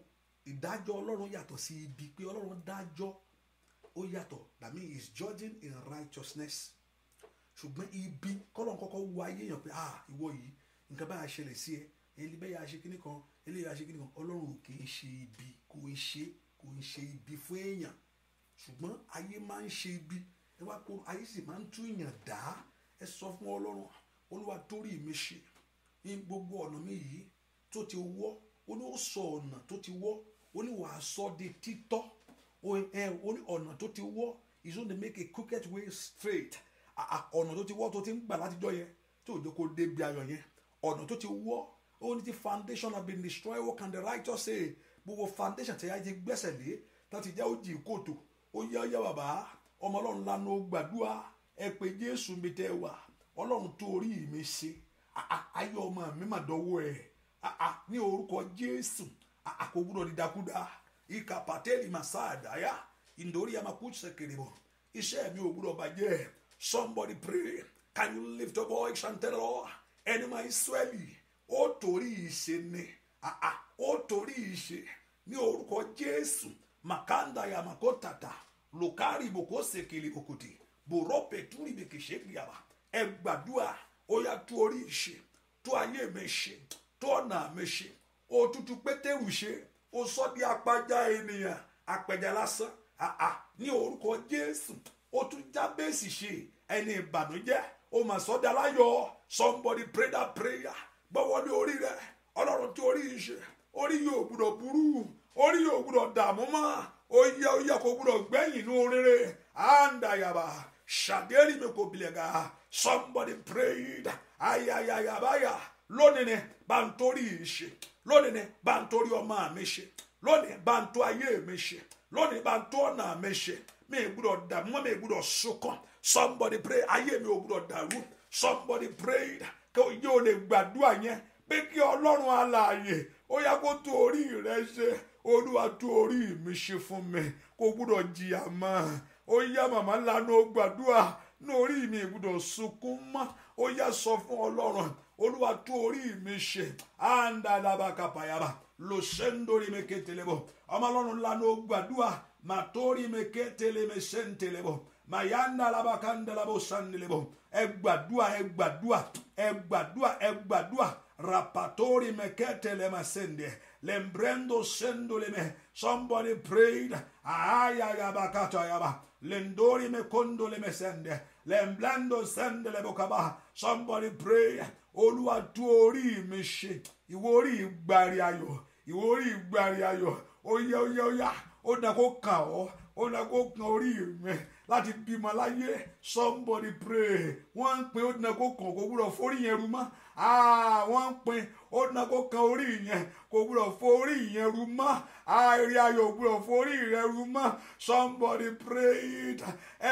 ìdájọ́ ọlọ́run yàtọ̀ sí ibi pé ọlọ́run dájọ́ ó yàtọ̀ that means he is judging in righteousness ṣùgbọ́n ibi kọ́lọ́n kọ́kọ́ wo ayé èèyàn pé ah ìwọ yìí nǹkan báyà ṣẹlẹ̀ sí ẹ ẹni bẹ́ẹ̀ yà ṣe kíní kan eléyìí yà ṣe kíní kan ọlọ́run ò kì í ṣe ibi kò ń ṣe kò ń ṣe ibi fún èèyàn ṣùgbọ́n ayé máa ń ṣe ibi ẹ wá kó ayé sì máa ń tún èèyàn dá ẹ sọ fún ọlọ́run olúwa torí mi ṣe ní gbogbo ọ̀nà mi yìí tó ti wọ́ ó ní ó sọ ọ̀nà tó ti wọ́ ó ní wàá sọ de títọ́ ó ní ọ̀nà tó ti wọ́ is only make a crooked way straight ọ̀nà tó ti wọ́ tó ti ń gbà látijọ́ yẹn tí òjò kò débi ayọ̀ yẹn ọ̀nà tó ti wọ́ ó ní ti foundation have been destroyed what can the righteous say gbogbo foundation tí ayé ti gbẹ́sẹ̀ lé láti jẹ́ ó jì ó yá bàbá ọmọ ọlọ́run lánàá gbàdúrà ẹ pé jésù mi tẹ́ wà ọlọ́run tó orí mi ṣe ayé ọmọ mi mà dọ́wọ́ ẹ̀ ní orúkọ jésù kò gbúdọ̀ dídákúdá ìka pàtẹ́lì mà sáàdáyà ìdórí àmàkú ṣèkèrè bọ̀ iṣẹ́ mi ò gbúdọ̀ bàjẹ́ somebody pray can you lift up all action tell all ẹni máa ìsúẹ́lì ó torí ìṣe ni ó torí ìṣe ní orúkọ jésù makanda ya makotata lukari boko sekele okuti borope turi bekeshekriaba ẹ gbàdúrà ó tu ori ise tu tú ayé tu ona tú otutu mi ṣe òtútù pétérù ṣe ó sọ bí apájá ènìyàn apẹja lásán àà ní orúkọ jésù ó tún jábẹ́sì ṣe ẹni ìbànújẹ́ ó mà sọ dalayọ somebody pray that prayer gbọ́wọ́lé orí rẹ ọlọ́run tí orí ìṣe orí yóò gbúdọ̀ burú orí yóò gbúdọ̀ dààmú mọ́ oyè oyè kò gbúdọ̀ gbẹ̀yìn ní oréré àǹdàyàbà ṣàdérí mi kò bilẹ̀ ga somebody prayed lónìí bá ń torí yìí ṣe lónìí bá ń torí ọmọ mi ṣe lónìí bá ń ayé mi ṣe lónìí bá ń tó ọ̀nà mi ṣe mi gbúdọ̀ dààmú mi somebody pray ayé mi ò gbúdọ̀ somebody prayed lè gbàdúrà yẹn pé kí ọlọ́run alààyè ó yá kó rẹ ṣe olúwa tú orí mi ṣe fún mi kò gbúdọ̀ jìyà mọ́ ó yá màmá lanu ó gbàdúrà ní orí mi ìgbúdọ̀ sunkún mọ́ ó yá sọ fún ọlọ́run olúwa tú orí mi ṣe àǹdàlábàkàpàyàbà lòṣèǹdórí mi kételebọ̀ ọmọ ọlọ́run lanu ó gbàdúrà màtórí mi kétele mi ṣèǹtelebọ̀ mayanda labakanda labo sandelebo ẹ gbàdúà ẹ gbàdúà ẹ gbàdúà ẹ gbàdúà rapatori meketele masende Lembrendo sendoleme. Somebody prayed. Ayagabakatayaba. Lendori me kondoleme sende. sende sendele bokaba. Somebody pray. Olúwa tú orí mi ṣe. Ìwọ orí ìgbàrí ayọ̀. Ìwọ Oya oya oya. Ó koka o. kàn ọ́. Ó dà kó bima la ye somebody pray wọ́n ń pin ó dínà kó kàn kó gbúdọ̀ forí yẹn rú mọ́ ah, wọ́n ń pin ó dínà kó kan orí yẹn kó gbúdọ̀ forí yẹn rú mọ́ àìrí ah, ayọ̀ gbúdọ̀ forí rẹ rú mọ́ somebody pray it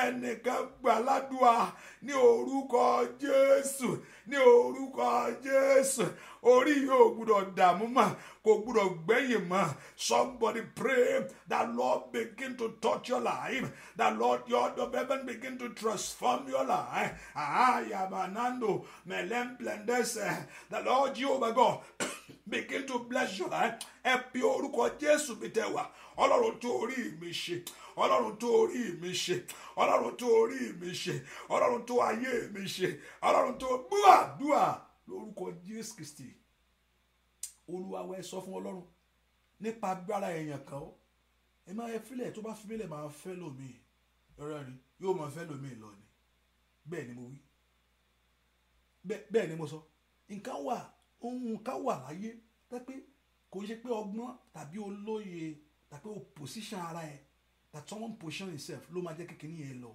ẹnìkan gbà ládùá ní orúkọ Jésù ní orúkọ Jésù orí yóò gbúdọ̀ dààmú mọ́ kò gbúdọ̀ gbẹ̀yìn mọ́ somebody pray that Lord begin to touch your life that Lord your heaven begin to trust transform your life. Eh? Ayabanando ah, melemplendes. The Lord Jehovah God begin to bless your life. Eh? Ẹ pe orúkọ Jésù mi tẹwà. Ọlọ́run tó orí mi ṣe. Ọlọ́run tó orí mi ṣe. Ọlọ́run tó orí mi ṣe. Ọlọ́run tó ayé mi ṣe. Ọlọ́run tó gbúà gbúà lórúkọ Jésù Kristi. Olúwa wẹ́ sọ fún Ọlọ́run nípa agbára èèyàn kan ẹ máa ẹ fílẹ̀ tó bá fi mílẹ̀ máa fẹ́ lómi rẹ́rìn yóò mọ fẹ́ lómi lọ ni bẹ́ẹ̀ ni mo wí bẹ́ẹ̀ ni mo sọ nǹkan wà ohun kan wà láyé pé kò ṣe pé ọgbọ́n tàbí olóye tàbí o position ara ẹ that someone position himself ló máa jẹ́ kékeré yẹn lọ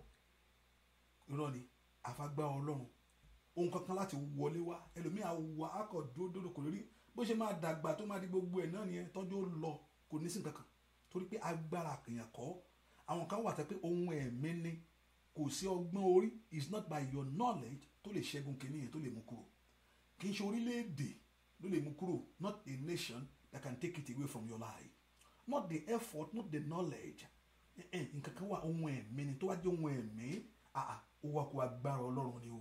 irọ́ ni àfagbá ọlọ́run ohun kankan láti wọlé wá ẹlòmíà wà á kọ̀ dúdúró kò lórí bó ṣe máa dàgbà tó máa di gbogbo ẹ̀ náà nìyẹn tọ́jú ó lọ kò ní sí nǹkan kan torí pé agbára àkànyàn kọ́ àwọn kan wà tẹ́ pé ohun ẹ̀mí ni kò sí ọgbọ́n orí it's not by your knowledge tó lè ṣẹ́gun kìíní yẹn tó lè mú kúrò kì í ṣe orílẹ̀-èdè ló lè mú kúrò not a nation that can take it away from your life not the effort not the knowledge nǹkan kan wà ohun ẹ̀mí ni tó wá jẹ́ ohun ẹ̀mí ó wà kó agbára ọlọ́run ni o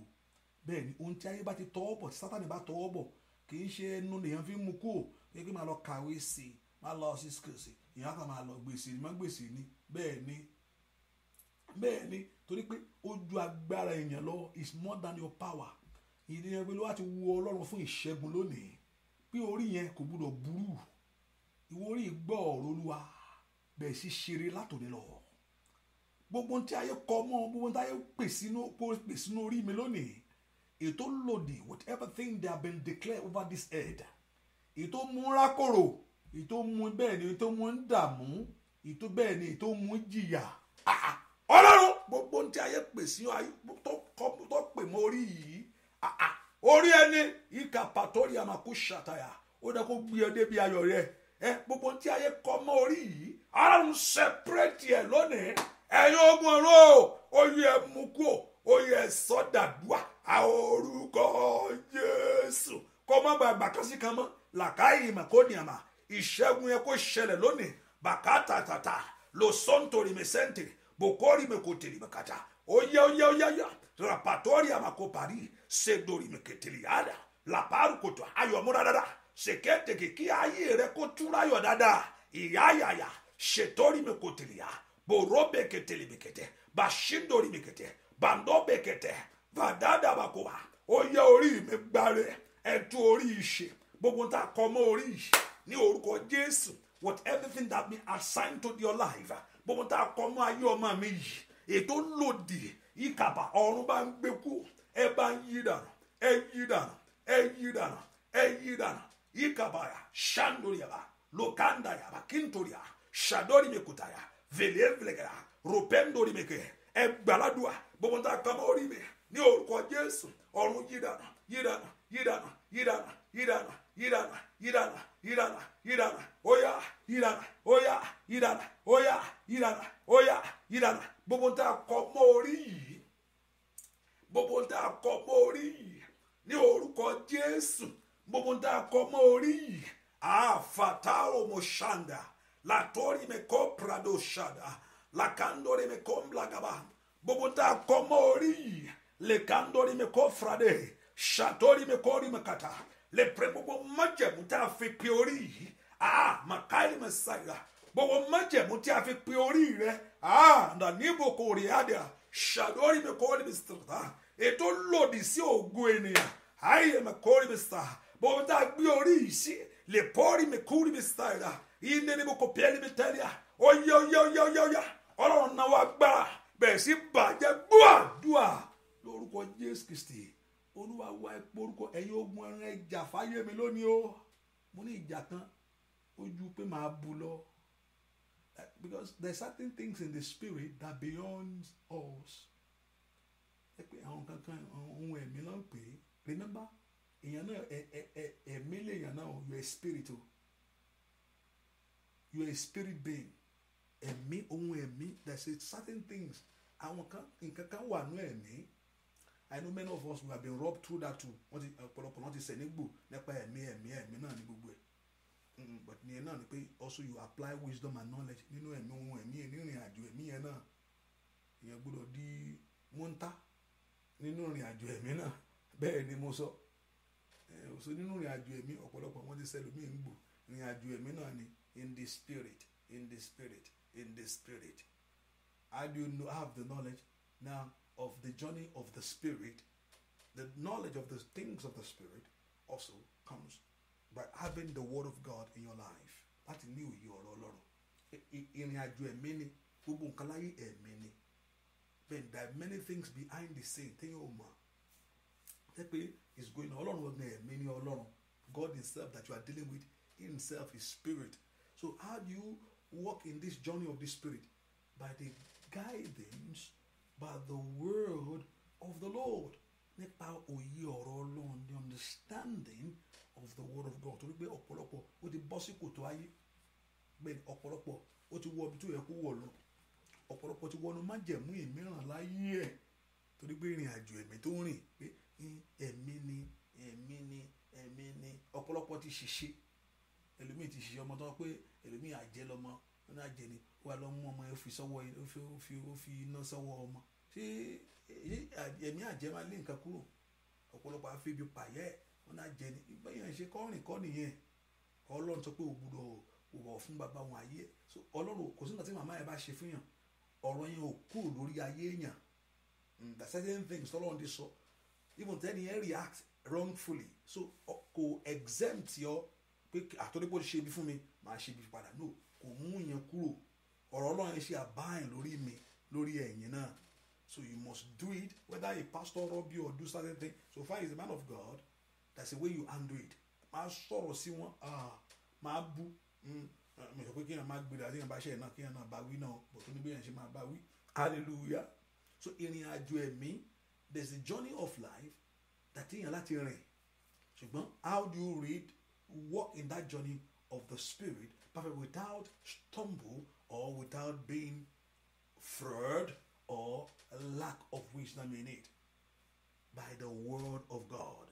bẹ́ẹ̀ ni ohun tí ayé bá ti tọwọ́ bọ̀ tí sátani bá tọwọ́ bọ̀ kì í ṣe ẹnu lèèyàn fi mú kúrò pé kí máa lọ kàwé sí i máa lọ sí skills ìyá kan máa lọ gbèsè ni máa gbèsè ni bẹ́ẹ̀ ni bẹ́ẹ̀ ni torí pé ó ju agbára èèyàn lọ is more than your power ìdíyẹn pé ló wá ti wo ọlọ́run fún ìṣẹ́gun lónìí pé orí yẹn kò gbúdọ̀ burú ìwọ orí gbọ́ ọ̀rọ̀ olúwa bẹ̀rẹ̀ sí ṣeré látòní lọ gbogbo tí ayé kọ mọ́ gbogbo tí ayé pè sínú orí mi lónìí ètò lòdì whatever thing they have been declared over this head ètò mú rákòrò ètò mú bẹ́ẹ̀ ni ètò mú ń dààmú ètò bẹ́ẹ̀ ni ètò mú jìyà ah, ah, ọlọ́run gbogbo ní tí ayé pè sí tó pè mọ́ orí yìí orí ẹni ìka pàtórí àmàkù ṣàtàyà ó dẹ kó gbé ẹ débi ayọ̀ rẹ ẹ gbogbo ní tí ayé kọ́ mọ́ orí yìí ara ń sẹpẹrẹtì ẹ lónìí ẹ̀yin ogun ọ̀rọ̀ ó yẹ mú kó ó yẹ sọdàdúà orúkọ Jésù kọ́ má gbàgbà kásìkan làkàyè mà kó ní àmà ìṣẹ́gun yẹn kó ṣẹlẹ̀ lónìí bàkátà tàtà lò sọ́ńtòrì mẹ́sẹ̀ǹtì bokori mekoteli mekata oya oya oya oya rapatoria makopari sedori meketeli ada laparu koto ayọ̀ mú dáadáa sekete kìkì ayé rẹ kó Dada. láyọ̀ dáadáa ìyáyàyà setori mekoteli ya borobe keteli mekete basindori mekete bandobe kete vadada bakoba oya orí mi gbáre ẹtú orí ìṣe gbogbo tá a kọ mọ orí ìṣe ní orúkọ Jésù with everything that be assigned to your life gbogbo tá a kọ mọ́ ayé ọmọ mi yìí ètò lòdì ìkàbà ọ̀run bá ń gbé kú ẹ bá ń yí dànù ẹ yí dànù ẹ yí dànù ẹ yí dànù ìkàbà yà ṣàǹdórí yàrá lòkàndà yàrá kíntòrí yàrá ṣàdórí mi kùtà yà vèlèvèlè yà rọpẹ́ndórí mi kẹ ẹ gbàládùá gbogbo tá a kọ mọ́ orí mi ní orúkọ Jésù ọ̀run yí dànù yí dànù yí dànù yí dànù yí dànù yí dànù yí dànù yí dànù yirara oya yirara oya yirara oya yirara oya yirara gbogbo tá a kọ mọ́ orí yìí gbogbo tá a kọ mọ́ orí yìí ní orúkọ Jésù gbogbo tá a kọ mọ́ orí yìí àfàtàrò mo ṣàǹdà látọ́rí mi kọ́ prado ṣàdà làkàndọ́rí mi kọ́ ńblagaba gbogbo tá a kọ mọ́ orí yìí lèkàndọ́rí mi kọ́ frade ṣàtọ́rí mi kọ́ rí mi kàtà. Le pẹ́ gbogbo májẹ̀mú tá a fi pe orí yìí ah makali messiah gbogbo májẹ̀mú tí a fi pe orí rẹ ah nàníbò kò rí àdà ṣàdórí mi kò rí mi sàtà ètò lòdì sí ògùn ènìyàn àyè mi kò rí mi sà gbogbo tá a gbé orí yìí sí lè pọ́ọ́rì mi kú rí mi sàtà iná níbo kò pẹ́ẹ́lí mi tẹ́lẹ̀ ọ̀yẹ́ ọ̀yẹ́ ọ̀yẹ́ ọ̀yẹ́ ọ̀yẹ́ ọlọ́run náà wá gbára bàjẹ́ gbọ́ àdúrà lórúkọ Jésù Kristi olúwa wá epo orúkọ ẹ̀yin ogun ẹran ẹjà fáyé mi lónìí o mo ní ìjà kan ojú pé màá bu lọ eh, because there are certain things in the spirit that beyond us ẹ pé àwọn kankan ohun ẹ̀mí náà pè remember èèyàn náà ẹ ẹ ẹ ẹ̀mí lèèyàn náà you are a spirit o you are a spirit being ẹ̀mí ohun ẹ̀mí there are certain things àwọn kan nǹkan kan wà nú ẹ̀mí I know many of us we have been robbed through that too wọ́n ti ọ̀pọ̀lọpọ̀ wọ́n ti sẹ̀ nígbò nípa ẹ̀mí ẹ̀mí ẹ̀mí náà ní gbogbo ẹ̀ mm-hmm, but ní ẹ náà ni pé also you apply wisdom and knowledge nínú ẹ̀mí ohun ẹ̀mí ẹ̀ nínú ìrìn àjò ẹ̀mí yẹn náà ìyẹn gbọ́dọ̀ di mọ́ńtá nínú ìrìn àjò ẹ̀mí náà bẹ́ẹ̀ ni mo sọ so nínú ìrìn àjò ẹ̀mí ọ̀pọ̀lọpọ̀ wọ́n ti sẹ́lu mí ń gbò ìrìn àjò ẹ̀mí náà ni in the spirit in the spirit in the spirit how do you know, have the knowledge now of the journey of the Spirit, the knowledge of the things of the Spirit also comes by having the Word of God in your life. láti new òye ọ̀rọ̀ ọlọ́run ìrìn there are many things behind the scene Thing ò is going on ọlọ́run ọ̀gbìn ẹ̀mí God himself that you are dealing with himself is spirit so how do you walk in this journey of the spirit by the guidance by the word of the Lord nípa òye ọ̀rọ̀ ọlọ́run the understanding of the word of God torí pé ọ̀pọ̀lọpọ̀ ó ti bọ́ sí kòtò ayé bẹ́ẹ̀ ọ̀pọ̀lọpọ̀ ó ti wọ ibi tó yẹ kó wọ̀ lọ ọ̀pọ̀lọpọ̀ ti wọnú májẹ̀mú ìmíràn láyé ẹ̀ torí pé ìrìn àjò ẹ̀mí tó rìn pé ẹ̀mí ni ẹ̀mí ni ẹ̀mí ni ọ̀pọ̀lọpọ̀ ti ṣìṣe ẹlòmíì ti ṣìṣe ọmọ tó pé ẹlòmíì àjẹ́ lọ́mọ wọn náà jẹ ni wà lọ mú ọmọ yẹn fi sọ́wọ́ ó fi ó fi ó fi iná sọ́wọ́ ọmọ ṣé ẹ̀mí àjẹmá lé nǹkan kúrò ọ̀pọ̀lọpọ̀ afẹ́bi pààyẹ́ wọn náà jẹ ni bẹ́yẹn ṣe kọ́rin kọ́ nìyẹn ọlọ́run sọ pé ògbúdọ̀ òwò fún bàbá wọn ayé so ọlọ́run kò sí nǹkan tí màmá yẹn bá ṣe fún yàn ọ̀rọ̀ yẹn ò kúrò lórí ayé yàn hmm, the certain things tọ́lọ́run ti sọ even then yẹn react wrongfully so kò exempt yọ pé àtọ́lẹ́pọ̀ ṣe ibi fún mi màá ṣe ibi padà no kò mú yẹn kúrò ọ̀rọ̀ ọlọ́run ṣe àbáyìn lórí mi lórí ẹ̀yìn náà so you must do it whether a pastor rub you or do certain thing so far he is a man of God that's the way you handle it máa sọ̀rọ̀ sí wọn máa bú hmm. mi sọ pé kí èèyàn máa gbèrè àti èèyàn bá ṣe ẹ̀ náà kí èèyàn náà bá wí náà bọ̀ tó ní bí èèyàn ṣe máa bá wí hallelujah so ìrìn àjò ẹ̀mí there is a journey of life that èèyàn láti rìn ṣùgbọ́n how do you read walk in that journey of the Spirit, but without stumble or without being fraud or lack of wisdom in it. By the word of God.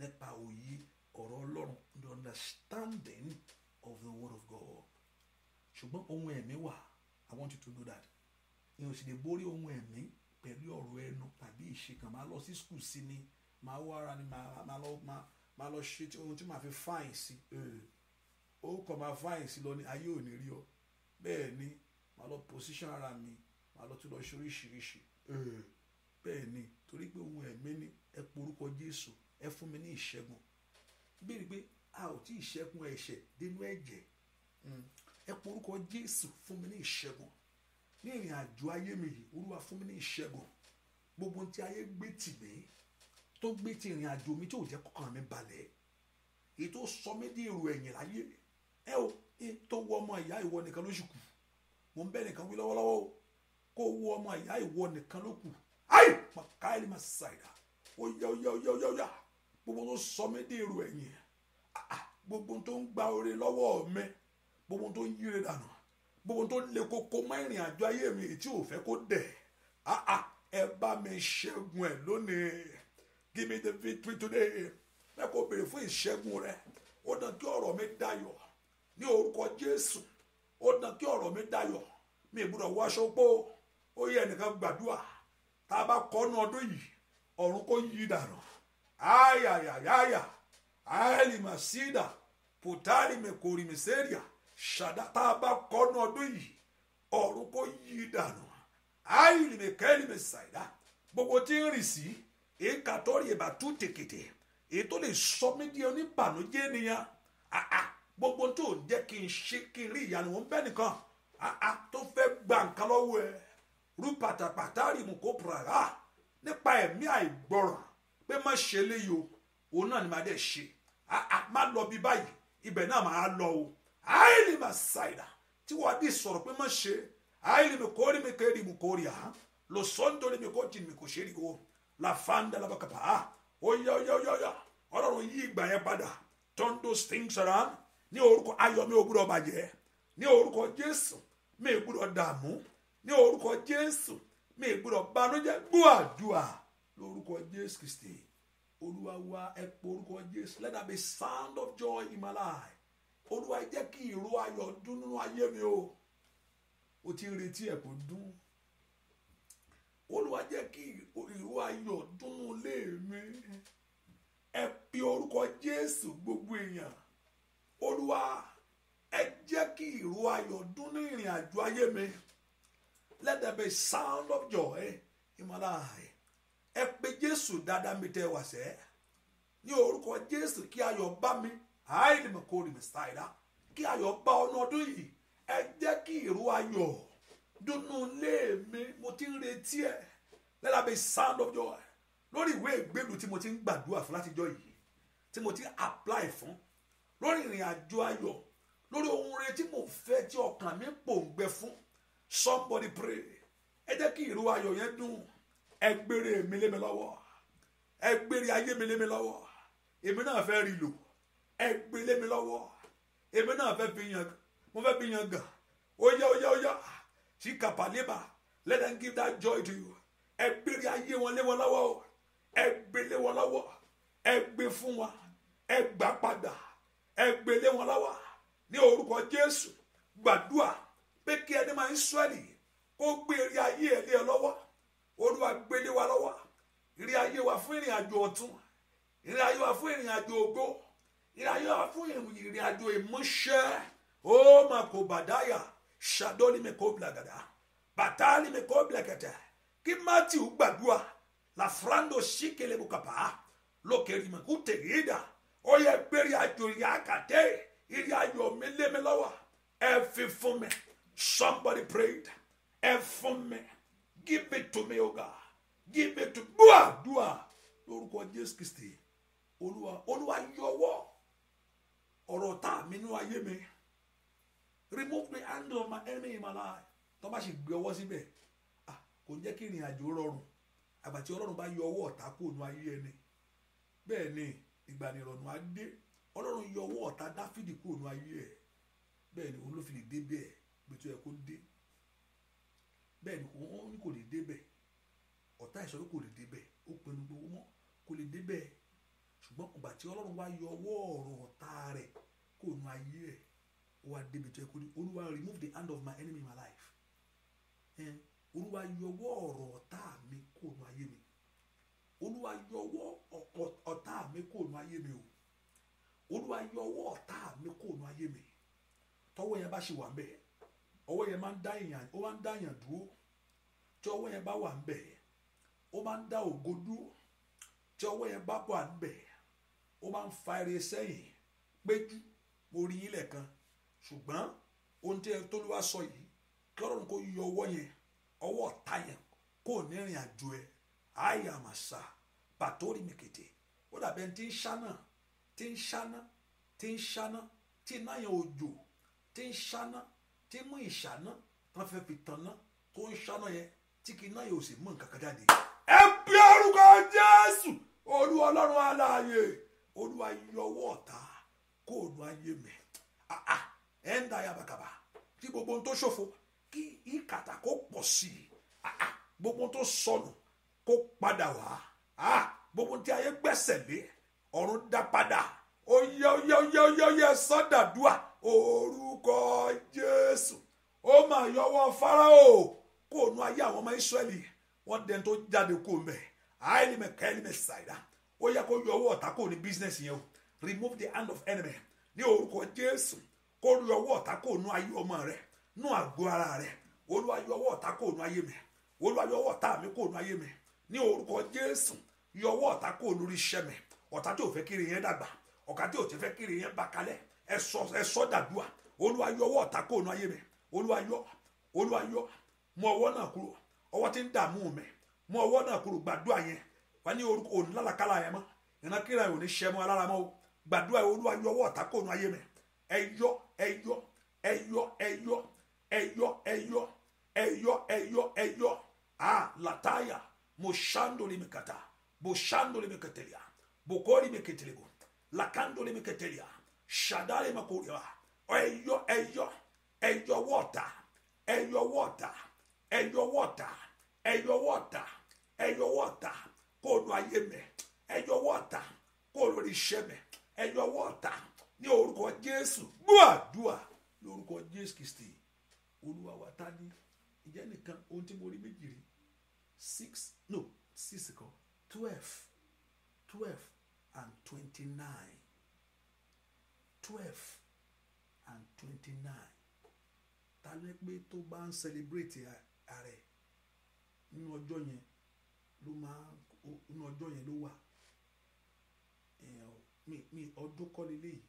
Nípa òye ọ̀rọ̀ the understanding of the word of God. wà I want you to know that. You sì the borí ohun ẹ̀mí pẹ̀lú ọ̀rọ̀ ẹnu tàbí ìṣèkàn máa lọ sí skul sí ni máa wá ara ni máa lọ ṣe ohun tí màá fi fáìn sí. ó kọ̀ máa fáyìn sí lọ ní ayé ò rí ọ bẹ́ẹ̀ ni màá lọ position ara mi màá lọ tún lọ ṣe oríṣiríṣi hmm. bẹ́ẹ̀ ni torí pé ohun ẹ̀mí ni ẹ porúkọ Jésù ẹ fún mi ní ìṣẹ́gun bíi pé a ò tí ì ṣẹ́gun ẹ̀ṣẹ̀ dénú ẹ̀jẹ̀ hmm. ẹ porúkọ Jésù fún mi ní ìṣẹ́gun ní ìrìn àjò ayé mi yìí Olúwa fún mi ní ìṣẹ́gun gbogbo ohun tí ayé gbé tì mí tó gbé ti ìrìn àjò mi tí ò jẹ́ kọ́kàn mi balẹ̀ èyí tó sọ mí di èrò ẹ̀yìn láyé ẹ o tó wọ ọmọ ìyá ìwọ nìkan ló ṣì kù mò ń bẹ nìkan wí lọ́wọ́lọ́wọ́ o kó wọ ọmọ ìyá ìwọ nìkan ló kù ayi makaeli masaida ó yá ó yá ó yá ó yá ó yá gbogbo tó sọ mí dèrò ẹ̀yìn gbogbo tó ń gba oore lọ́wọ́ mi gbogbo tó ń yíre dànù gbogbo tó ń le koko mọ́ ìrìn àjò ayé mi tí ò fẹ́ kó dẹ̀ ẹ bá mi ṣẹ́gun ẹ̀ lónìí give me the victory today ẹ kò béèrè fún ìṣẹ́gun rẹ ó dàn kí ọ̀rọ̀ mi dayọ̀ ní orúkọ jésù ó dán kí ọ̀rọ̀ mi dayọ̀ mi ìgbúdọ̀ wọ aṣọ pó ó yẹ ẹnìkan gbàdúrà tá a bá kọ́nu ọdún yìí ọ̀run kò yí dànù ayayayaya ayélujára pòtárì mẹkọrì mẹsẹrìà ṣàdá tá a bá kọ́nu ọdún yìí ọ̀run kò yí dànù ayélujára mẹsàdá gbogbo tí ń rì sí ìkàtọ́rì ìbátú tèkètè èyí lè sọ mí di oníbànújẹ́ nìyẹn gbogbo tó jẹ́ kí n ṣe kí n rí ìyanu wọn bẹ́ẹ̀ nìkan àá tó fẹ́ gba nǹkan lọ́wọ́ ẹ rú pàtàpàtà mu kó pùràrà nípa ẹ̀mí àìgbọràn pé má ṣe léyìí o òun náà ni màá dẹ̀ ṣe àá má lọ bí báyìí ibẹ̀ náà màá lọ o àìlè mà ṣàìdá tí wàá dì sọ̀rọ̀ pé má ṣe àìlè mi kórè mi kéré mi kórè à lò sọ́ńdọ̀ lè mi kó jìn mi kò ṣe rí o làfáàndà làbàkàbà ó yá ó yá ó yá ọlọ́run yí ìgbà yẹn padà turn those things around ní orúkọ ayọ̀ mi ò gbúdọ̀ bàjẹ́ ní orúkọ jésù mi ò gbúdọ̀ dààmú ní orúkọ jésù mi ò gbúdọ̀ banújẹ́ gbọ́ àdúà lórúkọ jésù kristi olúwa wa ẹ pé orúkọ jésù let there be sound of joy in my life olúwa jẹ́ kí ìró ayọ̀ dún nínú ayé mi o o ti ń retí ẹ̀ kó dún olúwa jẹ́ kí ìró ayọ̀ dún nínú ilé mi ẹ pé orúkọ jésù gbogbo èèyàn olúwa ẹ jẹ́ kí ìró ayọ̀ dún ní ìrìn àjò ayé mi let there be sound of joy in my life ẹ pe jésù dáadáa mi tẹ́ wá sẹ́ ní orúkọ jésù kí ayọ̀ bá mi àìlèmọ̀ kó rìn sáìdá kí ayọ̀ bá ọ̀nà ọdún yìí ẹ jẹ́ kí ìró ayọ̀ dúnú ilé mi mo ti ń retí ẹ let there be sound of joy lórí ìwé ìgbélú tí mo ti ń gbàdúrà fún látijọ́ yìí tí mo ti ń apply fún lórí ìrìn àjò ayọ̀ lórí ohun rere tí mò ń fẹ́ tí ọkàn mi pòǹgbẹ fún somebody pray ẹ jẹ́ kí ìró ayọ̀ yẹn dùn ẹ gbére mi lé mi lọ́wọ́ ẹ gbére ayé mi lé mi lọ́wọ́ èmi náà fẹ́ rí lò ẹ gbé lé mi lọ́wọ́ èmi náà fẹ́ fi yàn mo fẹ́ fi yàn gàn ó yá ó yá ó yá sí kàpàlébà let them give that joy to you ẹ gbére ayé wọn lé wọn lọ́wọ́ ẹ gbé lé wọn lọ́wọ́ ẹ gbé fún wa ẹ gbà padà. ẹgbẹ̀lẹ́ wọn láwà ní orúkọ jésù gbàdúà pé kí ẹni máa ń sọ́ọ̀lì kó gbé eré ayé ẹ̀ lé ẹ lọ́wọ́ olúwa gbélé wa lọ́wọ́ eré ayé wa fún ìrìn àjò ọ̀tun eré ayé wa fún ìrìn àjò ògo eré ayé wa fún ìrìn àjò ìmúṣẹ ó mà kò bàdáyà ṣàdọ́lì mi bìlàgàdà mi bìlàgàdà kí gbàdúà lókè dà. ó yẹ pé ìrìn àjò ìyá àkàtẹ́ ìrìn àjò mi lé mi lọ́wọ́ ẹ fi fún mi somebody prayed ẹ fún mi give it to me o God give it to me dua. dùà lórúkọ Jésù Kristi olúwa olúwa yọwọ́ ọ̀rọ̀ tá mi nínú ayé mi remove the handle of my enemy in my life tó bá ṣe gbé ọwọ́ síbẹ̀ kò ní jẹ́ kí ìrìn àjò rọrùn àgbàtí ọlọ́run bá yọ ọwọ́ ọ̀tá kúrò nínú ayé ẹni bẹ́ẹ̀ ni ìgbànirọ̀nù á dé ọlọ́run yọ ọwọ́ ọ̀tá dáfídì kúrò ní ayé ẹ̀ bẹ́ẹ̀ ni òun ló fi lè dé bẹ́ẹ̀ bí tó yẹ kó dé bẹ́ẹ̀ ni òun ní kò lè dé bẹ́ẹ̀ ọ̀tá ìṣòro kò lè dé bẹ́ẹ̀ ó pinnu gbogbo mọ́ kò lè dé bẹ́ẹ̀ ṣùgbọ́n ìgbà tí ọlọ́run wá yọ ọwọ́ ọ̀rọ̀ ọ̀tá rẹ̀ kúrò ní ayé ẹ̀ ó wá débi tó yẹ kó dé olúwa remove the hand of my enemy in my life olúwa yọ ọwọ́ ọ̀rọ̀ ọ̀tá mi kúrò ní ayé mi olúwa yọ ọwọ́ ọ̀tá mi kò nu ayé mi o olúwa yọ ọwọ́ ọ̀tá mi kò nu ayé mi tọwọ́ yẹn bá ṣe wà ń ọwọ́ yẹn máa ń dá èèyàn dúró tí ọwọ́ yẹn bá wà ń ó máa ń dá ògo dúró tí ọwọ́ yẹn bá wà ń ó máa ń fa eré sẹ́yìn péjú mo yín lẹ́ẹ̀kan ṣùgbọ́n ohun tí ẹ tó ló wá sọ yìí kí ọlọ́run kò yọ pàtórí mèkété ó dàbẹ́ tí ń ṣáná tí ń ṣáná tí ń ṣáná tí iná yẹn òjò tí ń ṣáná tí mú ìṣáná tán fẹ́ fi tanná tó ń ṣáná yẹn tí kì iná yẹn ò sì mú nǹkan kan jáde. ẹ bí orúkọ Jésù Olúwa Ọlọ́run aláàyè Olúwa yọwọ́ ọ̀tá kó ayé mẹ́ ẹ̀ ń da yabakaba kí gbogbo ohun tó ṣòfò kí ìkàtà kó pọ̀ sí i gbogbo ohun tó sọnù kó padà wá. Ah, gbogbo tí ayé gbẹ̀sẹ̀ lé ọ̀run dá padà ó yẹ ó yẹ ó yẹ ó orúkọ Jésù ó máa yọwọ́ Fáráò kó o nu ayé àwọn ọmọ Ísírẹ́lì wọn dẹ́n tó jáde kó o mẹ́ àìlímẹ̀ kẹ́límẹ̀ ṣàìdá ó yẹ kó yọwọ́ ọ̀tá kó o ní bísínẹ́sì yẹn o remove the hand of enemy ní orúkọ Jésù kó o yọwọ́ ọ̀tá kó o nu ayé ọmọ rẹ nu àgọ́ ara rẹ Olúwa yọwọ́ ọ̀tá kó o nu ayé mi Olúwa yọwọ́ ọ̀tá mi kó o nu ayé mi ní orúkọ jésù yọwọ ọwọ́ ọ̀tá kó lórí iṣẹ́ mi ọ̀tá tí o fẹ́ kiri yẹn dàgbà ọ̀tá tí ò ti fẹ́ kiri yẹn bà kalẹ̀ ẹ sọ dàdúà olúwa yọ ọwọ́ ọ̀tá kó nu ayé mi olúwa yọ olúwa yọ mú náà kúrò tí ń dààmú mi mú náà kúrò gbàdúà yẹn wà ní yẹn mọ alára o gbàdúà olúwa kó ayé mi moshando limekata boshando limeketelia bokori meketelego lakando limeketelia shadale makoria ẹyọ ẹyọ ẹyọ wọta ẹyọ wọta ẹyọ wọta ẹyọ wọta ẹyọ wọta kóòlù ayé mẹ ẹyọ wọta kóòlù oríṣẹ mẹ ẹyọ wọta ní orúkọ jésù gbúàdúà lórúkọ jésù kristi olúwa wa ta ni ìjẹ́ nìkan ohun tí mo rí méjì rí six no six ago, twelve twelve and twenty-nine twelve and twenty-nine ta ló pé tó bá ń celebrate ààrẹ nínú ọjọ́ yẹn ló máa nínú ọjọ́ yẹn ló wà mi mi ọdún kọ́ leléyìí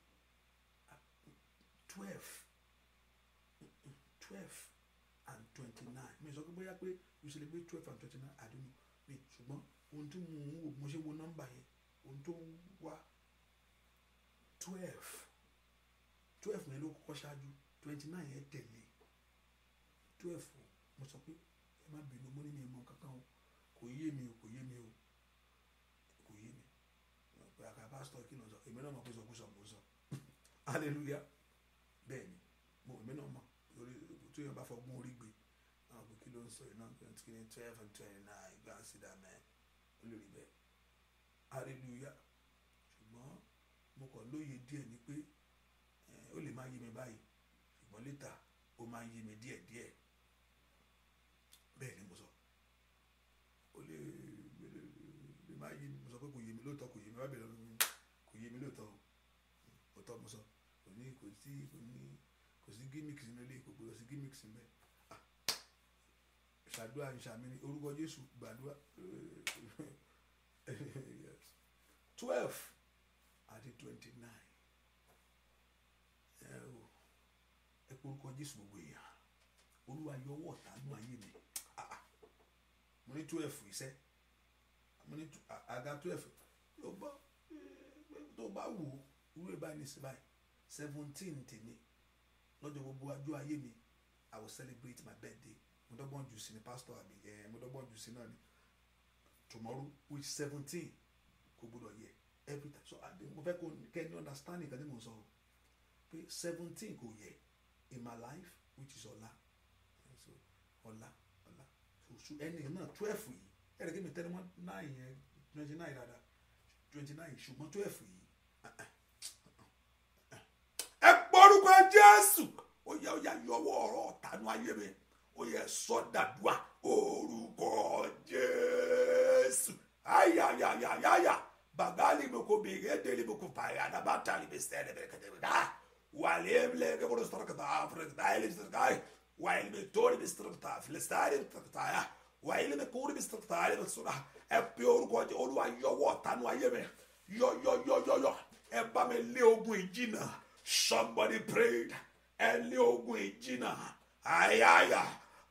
twelve twelve and twenty-nine mi sọ pé bóyá pé you celebrate twelve and twenty nine I don't know mi ṣùgbọ́n ohun tí mo ń wò mo ṣe wo nọ́mbà yẹn ohun tó wá twelve twelve yẹn ló kọ́kọ́ ṣáájú twenty nine yẹn tẹ̀lé twelve o mo sọ pé ẹ má bínú mo ní mi mọ kankan o kò yé mi o kò yé mi o kò yé mi pé àgbà pásítọ̀ kí ló sọ èmi náà mọ̀ pé sọkúsọ mo sọ hallelujah bẹ́ẹ̀ ni mo èmi náà mọ̀ lórí tó yẹn bá fọgbọ́n orí ń sọ̀rọ̀ náà kí wọ́n ti kí ní twelve and twenty nine gbà sí dá eh, mẹ́ olórí bẹ́ẹ̀ hallelujah ṣùgbọ́n mo kàn lóye díẹ̀ ni pé eh, ó lè má yé mi báyìí ṣùgbọ́n lẹ́tà ó máa ń yé mi díẹ̀ díẹ̀ bẹ́ẹ̀ ni mo sọ ó lè lè má yé mi mo sọ pé kò yé mi lóòótọ́ kò yé mi bábẹ̀ lọ́dún kò yé mi lóòótọ́ òótọ́ mo sọ kò ní kò sí kò ní kò sí gimmicks nínú ilé kò gbọdọ̀ sí gimmicks nínú ẹ̀ ṣàdúrà ìṣàmì ni orúkọ Jésù gbàdúrà twelve àti twenty nine ẹ o ẹ pé orúkọ Jésù gbogbo èèyàn Olúwa yọ ọwọ́ ọ̀tá nù ayé mi mo ní twelve iṣẹ́ mo ní àga twelve yóò bọ́ tó bá wù ú irú ẹ̀ báyìí ní sí báyìí seventeen tèmi lọ́jọ́ gbogbo ọjọ́ ayé mi I will celebrate my birthday mo dọ́gbọ́n jù sí ni pásítọ̀ àbí ẹ eh, mo dọ́gbọ́n jù sí náà ni tomorrow week seventeen kò gbọdọ̀ yẹ every time so mo fẹ́ kó kẹ́ ní understanding kan tí mo sọ o pé seventeen kò yẹ in my life which is ọ̀la so ọ̀la ọ̀la So ẹni náà twelve yìí ẹ̀rẹ́ kí mi tẹ́lẹ̀ nine yẹn twenty nine dada twenty nine ṣùgbọ́n twelve yìí ẹ gbọ́rúkọ Jésù ó yẹ ó yà yọwọ́ ọ̀rọ̀ ọ̀tánú ayé mi ó yẹ sọ́dàdúà orúkọ jésù ayayayayaya bagali boko bege deli boko paya na batali bestele berekete bega wale bile ke kodo stara kata afrik daili bistar kai wale be tori bistar kata filistari bistar kata ya wale be kuri bistar kata ya bistar ẹ pe orúkọ jẹ́ Olúwa yọwọ́ tanu ayé mi yọ yọ yọ yọ yọ ẹ bá mi lé ogun ìjìnà somebody prayed ẹ lé ogun ìjìnà ayaya.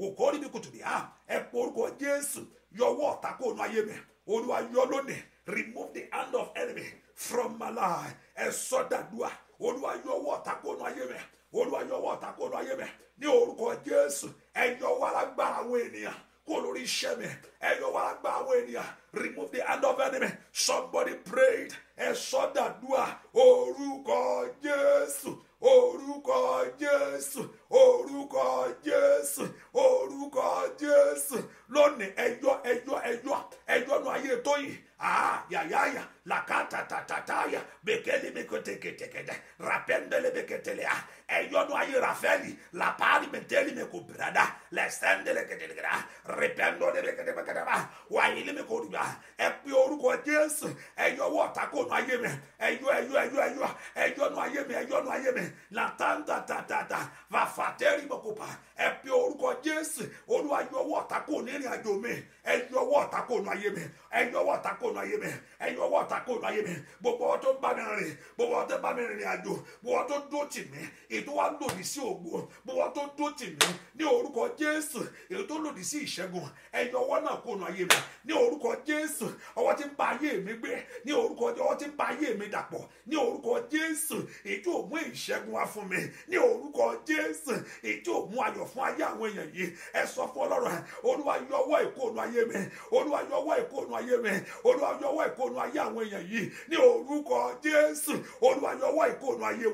wò kó ríbi kùtùbí ha ẹ porúkọ jésù yọwọ́ ọ̀tá kó nu ayé mi olúwa yọ lónìí remove the hand of enemy from my life ẹ sọdàdúà olúwa yọwọ́ ọ̀tá kó nu ayé mi olúwa yọwọ́ ọ̀tá kó nu ayé mi ní orúkọ jésù ẹ yọwọ́ alágbára àwọn ènìyàn kó lórí iṣẹ́ mi ẹ yọwọ́ alágbára àwọn ènìyàn remove the hand of enemy somebody prayed ẹ sọdàdúà orúkọ jésù orúkọ jésù orúkọ jésù orúkọ jésù lónìí ẹyọ ẹyọ ẹyọ ẹyọ nu ayé tó yìí àá ah, yàyà yà la kata tatataya bekeli mekoteketekede rapendele beketelea eyonu ayi rafeli la pali menteli mekubrada lesendele ketelegeda rependole beketebekedeba wayili mekoduba ayi me jésù ẹyọ wọ takonu ayé mi ẹyọ me ẹyọ ẹyọ ẹyọnu ayé mi ẹyọnu ayé mi latanda tatata vafateri mokopa ẹpẹ orúkọ jésù olúwa yọ wọ takonu ìrìn àjò ayi ẹyọ wọ takonu ayé mi ẹyọ wọ ayi me mi ẹyọ wọ ọ̀tá kó lu ayé mi gbogbo ọ̀tá tó bá mi rìn gbogbo ọ̀tá tó bá mi rìnrìn àjò gbogbo ọ̀tá tó dó tì mí ètò wa lòdì sí ògo gbogbo ọ̀tá tó dó tì mí ní orúkọ jésù ètò tó lòdì sí ìṣẹ́gun ẹ̀yọ ọwọ́ náà kó lu ayé mi ní orúkọ jésù ọwọ́ tí ń ba ayé mi gbé ní orúkọ ọwọ́ tí ń ba ayé mi dàpọ̀ ní orúkọ jésù ètò òmú ìṣẹ́gun wá fún mi ní orúkọ jésù ètò òmú ayọ̀ fún ayé àwọn èèyàn yìí ẹ sọ fún ọlọ́run olúwa yọwọ́ ìkóònù ayé mi olúwa yọwọ́ ìkóònù ayé mi olúwa yọwọ́ ìkóònù ayé àwọn èèyàn yìí ní orúkọ jésù olúwa yọ ọwọ́ ìkóònù ayé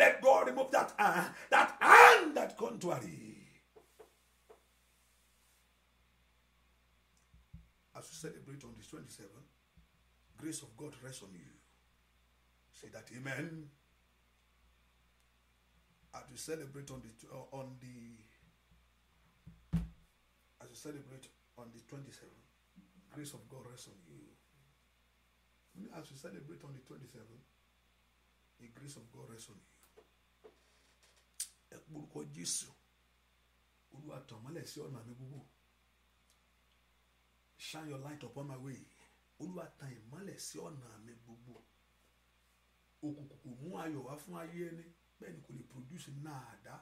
let God remove that hand uh, that hand that contrary. As you celebrate on the 27th, grace of God rests on you. Say that amen. As you celebrate on the uh, on the as you celebrate on the 27th, grace of God rests on you. As we celebrate on the 27th, the grace of God rests on you. Ẹ porúkọ Jésù, Olúwa tàn mọ́lẹ̀ mi gbogbo. Shine your light upon my way. Olúwa tàn ìmọ́lẹ̀ sí ọ̀nà mi gbogbo. Òkùnkùn kò mú ayọ̀ wá fún ayé ẹni kò lè produce náàdá.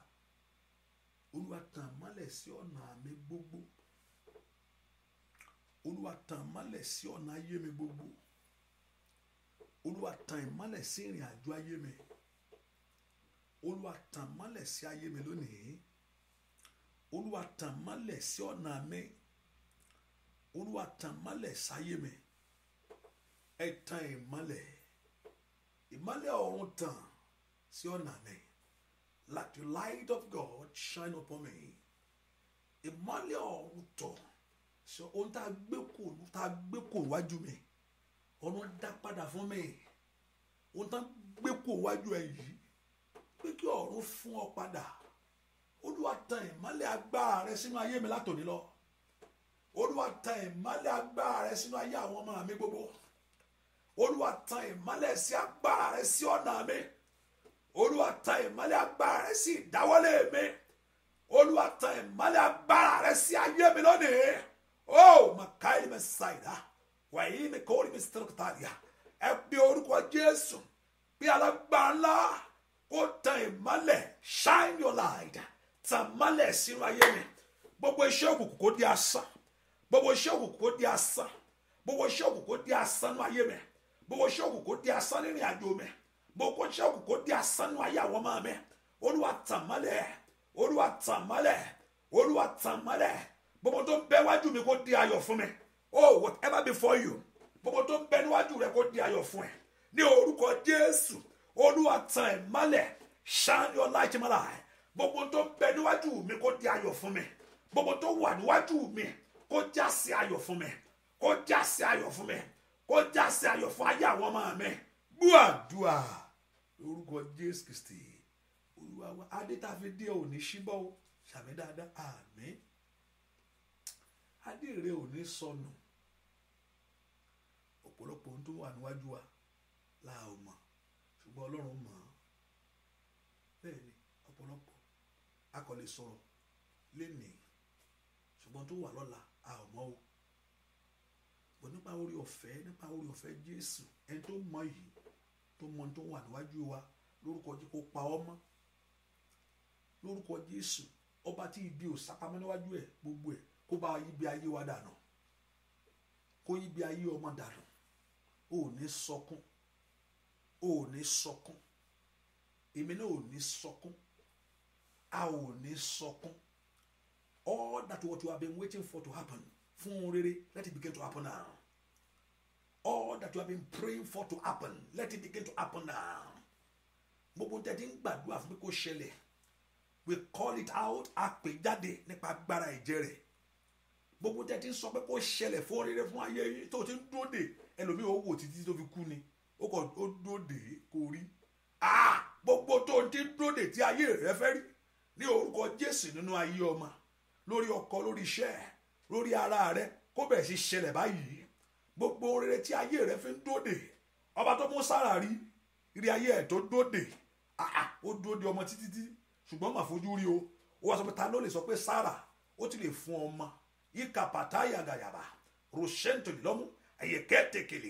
Olúwa tàn mọ́lẹ̀ sí mi gbogbo. Olúwa tàn mọ́lẹ̀ sí ayé mi gbogbo olúwa tan ìmọ́lẹ̀ sí ìrìn àjò ayé mi olúwa tan mọ́lẹ̀ sí ayé mi lónìí olúwa tan mọ́lẹ̀ sí ọ̀nà mi olúwa tan mọ́lẹ̀ sáyé mi ẹ tan ìmọ́lẹ̀ ìmọ́lẹ̀ ọ̀run tàn sí ọ̀nà mi let the light of God shine upon me ìmọ́lẹ̀ ọ̀run tàn sí ohun tá a gbé kò tá a gbé kò wájú mi ọ̀run dá padà fún mi ohun tán gbé kó wájú ẹ yìí pé kí ọ̀run fún ọ padà olúwa tan ìmọ́lẹ̀ agbára rẹ sínú ayé mi látòní lọ olúwa tan ìmọ́lẹ̀ agbára rẹ sínú ayé àwọn ọmọ mi gbogbo olúwa tan ìmọ́lẹ̀ sí agbára rẹ sí ọ̀nà mi olúwa tan ìmọ́lẹ̀ agbára rẹ sí ìdáwọ́lé mi olúwa tan ìmọ́lẹ̀ agbára rẹ sí ayé mi lónìí ó màkàí mi ṣàìdá. wàyí mi kò rí mi sí tẹ́lẹ̀ tààyà ẹ pe orúkọ jésù bí shine your light tan mọ́lẹ̀ sínú ayé mi gbogbo iṣẹ́ òkùnkùn di asán gbogbo iṣẹ́ òkùnkùn di asán gbogbo iṣẹ́ òkùnkùn di asán nínú ayé mi gbogbo iṣẹ́ òkùnkùn di asán nínú ìrìnàjò mi gbogbo iṣẹ́ òkùnkùn di asán nínú ayé àwọn ọmọ mi olúwa olúwa gbogbo tó oh whatever before you gbogbo tó ń bẹ níwájú rẹ kó di ayọ̀ fún ẹ ní orúkọ jésù olúwa tan ẹ̀ mọ́lẹ̀ shine your light in my life gbogbo tó ń bẹ níwájú mi kó di ayọ̀ fún mi gbogbo tó wà níwájú mi kó já sí ayọ̀ fún mi kó já sí ayọ̀ fún mi kó já sí ayọ̀ fún ayé àwọn ọmọ mi gbúàdúà orúkọ jésù kristi olúwa wa adé tá a fi dé òní síbọ̀ o sàmì dáadáa àmín adé rẹ ò ní sọnù ọ̀pọ̀lọpọ̀ ohun tó wà níwájú wa la ò mọ̀ ṣùgbọ́n ọlọ́run mọ̀ ọ́n bẹ́ẹ̀ ni ọ̀pọ̀lọpọ̀ a kò lè sọ̀rọ̀ lénìí ṣùgbọ́n tó wà lọ́la a ò mọ̀ o bọ̀ nípa orí ọ̀fẹ́ nípa orí ọ̀fẹ́ Jésù ẹni tó mọ̀ yìí tó mọ̀ tó wà níwájú wa lórúkọ jẹ́ kó pa ọ́ mọ́ lórúkọ Jésù ọba tí ibi ò sápamọ́ níwájú ẹ̀ gbogbo ẹ̀ kó bá ibi ayé wa dànù kó ibi ayé ọmọ dànù ò ní sọkún ò ní sọkún èmi náà ò ní sọkún a ò ní sọkún all that what you have been waiting for to happen fún rere let it begin to happen now all that you have been praying for to happen let it begin to happen now gbogbo ń tẹ́tí ń gbàdúrà fún pé kó ṣẹlẹ̀ we call it out a pè jáde nípa agbára ìjẹ rẹ̀ gbogbo ń tẹ́tí ń sọ pé kó ṣẹlẹ̀ fún rere fún ayé yìí tó ti ń dúró dè ẹlòmíì ó wò títí tó fi kú ni ó kàn ó dóde kò rí ah! gbogbo tó ń ti dóde tí ayé rẹ fẹ́ rí ní orúkọ jésù nínú ayé ọmọ lórí ọkọ lórí iṣẹ́ lórí ara rẹ kó bẹ̀rẹ̀ sí ṣẹlẹ̀ báyìí gbogbo rere tí ayé rẹ fi ń dóde ọba tó mú sára rí rí ayé ẹ̀ tó dóde ah, ah, ó dóde ọmọ títí tí ṣùgbọ́n mà fojú rí o ó wá sọ pé ta ló lè sọ pé sára ó ti lè fún ọmọ ìkàpàtà yàgàyàbà roshenton lọ́mú and you can't take it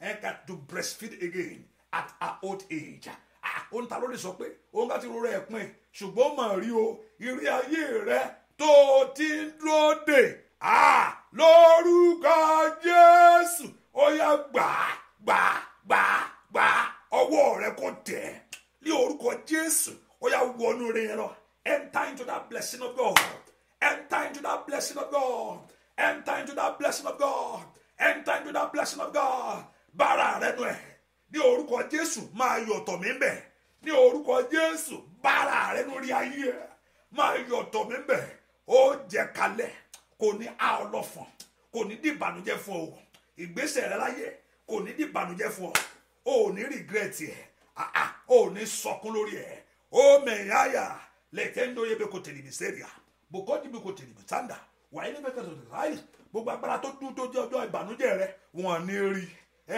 and got to breastfeed again at her old age ah, ohun ta ló lè sọ pé òun ká ti rora ẹ̀ pin ṣùgbọ́n mà rí o ìrí ayé rẹ tó o ti ń dúró dè á ah, lórúkọ Jésù ó yá gbà gbà gbà gbà ọwọ́ rẹ kò tẹ̀ ní orúkọ Jésù ó yá wọnú rẹ lọ enter into that blessing of God enter into that blessing of God enter into that blessing of God enter into that blessing of God bara rẹ nù ẹ ní orúkọ jésù máa yọ̀tọ̀ mí bẹ̀ ní orúkọ jésù bára rẹ nù rí ayé ẹ máa yọ̀tọ̀ mí bẹ̀ ó jẹ kalẹ̀ kò ní a ọlọ́fọ̀n kò ní di ìbànújẹ́ fún ọ ìgbésẹ̀ rẹ láyé kò ní di ìbànújẹ́ fún ọ ò ní rìgírẹ́tì ẹ̀ àà ò ní sọkún lórí ẹ̀ ó mẹ̀yáyà lẹ́tẹ̀ ń lóye bẹ́ẹ̀ kò tẹ̀lé mi sẹ́ríà bùkọ́ dìbò kò tẹ̀lé mi tàǹdà wàá yẹn ní bẹ́ẹ̀ kẹ́tọ̀ tó ráyè gbogbo agbára tó dún tó jẹ́ ọjọ́ ìbànújẹ́ rẹ wọ́n ní rí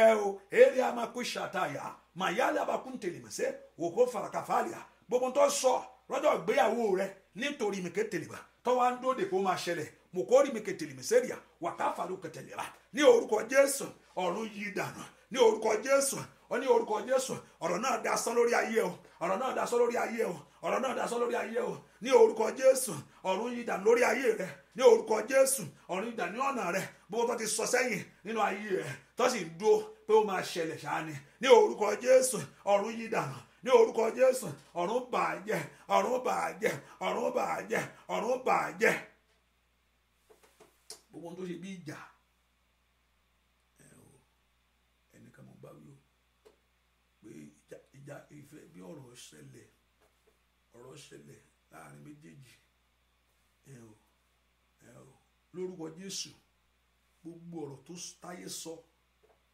ẹ o eré amakú ṣàtàyà màyálẹ̀ abakún tèlèmẹsẹ̀ òkò farakàfàlìà gbogbo tó sọ lọ́jọ́ ìgbéyàwó rẹ nítorí mèké tèlèmà tọ́wọ́ ń dóde kó máa ṣẹlẹ̀ mòkórì mèké tèlèmẹsẹ̀rìà wàkàfàlù kẹtẹlẹ́ra ní orúkọ jésù ọ̀run yìí dànù ní orúkọ jésù ó ní orúkọ jésù ọ̀rọ̀ náà dasán lórí ayé o ọ̀rọ̀ náà dasán lórí ayé o ọ̀rọ̀ náà dasán lórí ayé o ní orúkọ jésù ọ̀run yìí dànù lórí ayé rẹ ní orúkọ jésù ọ̀run ìdá ní ọ̀nà rẹ gbogbo tó ti sọ sẹ́yìn nínú ayé rẹ tó sì ń dúró pé ó máa ṣẹlẹ̀ ṣáni ní orúkọ jésù ọ̀run yí dànù ní orúkọ jésù ọ̀run bàjẹ́ ọ̀run bàjẹ́ ọ̀run bàjẹ́ ọ̀run bàjẹ́ gbogbo ohun tó ṣe bí ìjà ẹnìkan mo bá wí o pé ìjà ìfẹ́ bí ọ̀rọ̀ ṣẹlẹ̀ ọ̀rọ̀ ṣẹlẹ̀ láàrin méjèèjì lórúkọ jésù gbogbo ọ̀rọ̀ tó táyé sọ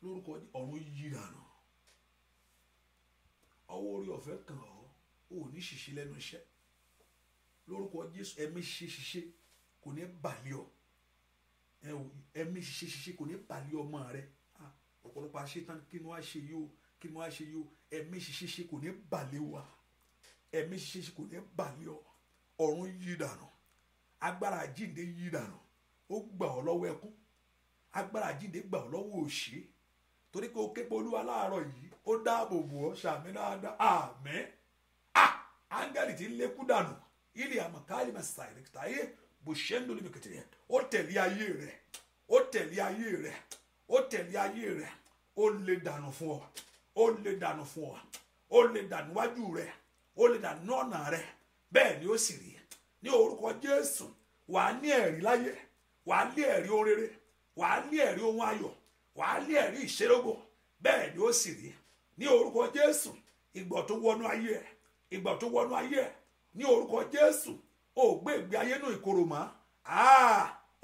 lórúkọ ọ̀run yíranà ọwọ́ orí ọ̀fẹ́ kàn ọ́ ò ní ṣìṣe lẹ́nu iṣẹ́ lórúkọ jésù ẹ̀mí ṣe ṣiṣe kò ní bàlẹ́ ọ ẹ̀mí ṣe ṣiṣe kò ní bàlẹ́ ọmọ rẹ ọ̀pọ̀lọpọ̀ aṣetán kí ni wàá ṣe yìí o kí ni wàá ṣe yìí o ẹ̀mí ṣe ṣiṣe kò ní bàlẹ́ wa ẹ̀mí ṣe kò ní bàlẹ́ ọ ọ̀run yí dànù agbára àjíǹde yí dànù ó gbà ọ́ lọ́wọ́ ẹkún agbára jíǹde gbà ọ́ lọ́wọ́ òṣì torí pé o képe olúwa láàárọ̀ yìí ó dáàbò bò ọ́ ṣàmì dáadáa àmín áńgẹ́lì tí ń lékún dànù ilé àmọ̀káyé mẹ́sà ìrèkìtàyé bò ṣe ń lò lómi kìtìrì ó tẹ̀lé ayé rẹ̀ ó tẹ̀lé ayé rẹ̀ ó tẹ̀lé ayé rẹ̀ ó lè dànù fún ọ ó lè dànù ọ ó lè dànù wájú ó lè dànù ọ̀nà bẹ́ẹ̀ ni ó sì wàá lé ẹ̀rí ohun rere wàá lé ẹ̀rí ohun ayọ̀ wàá lé ẹ̀rí ìṣerógbò bẹ́ẹ̀ ni ó sì rí ní orúkọ jésù ìgbọ̀ tó wọnú ayé ẹ̀ ìgbọ̀ tó wọnú ayé ẹ̀ ní orúkọ jésù ò gbé ìgbé ayé nù ìkorò mọ́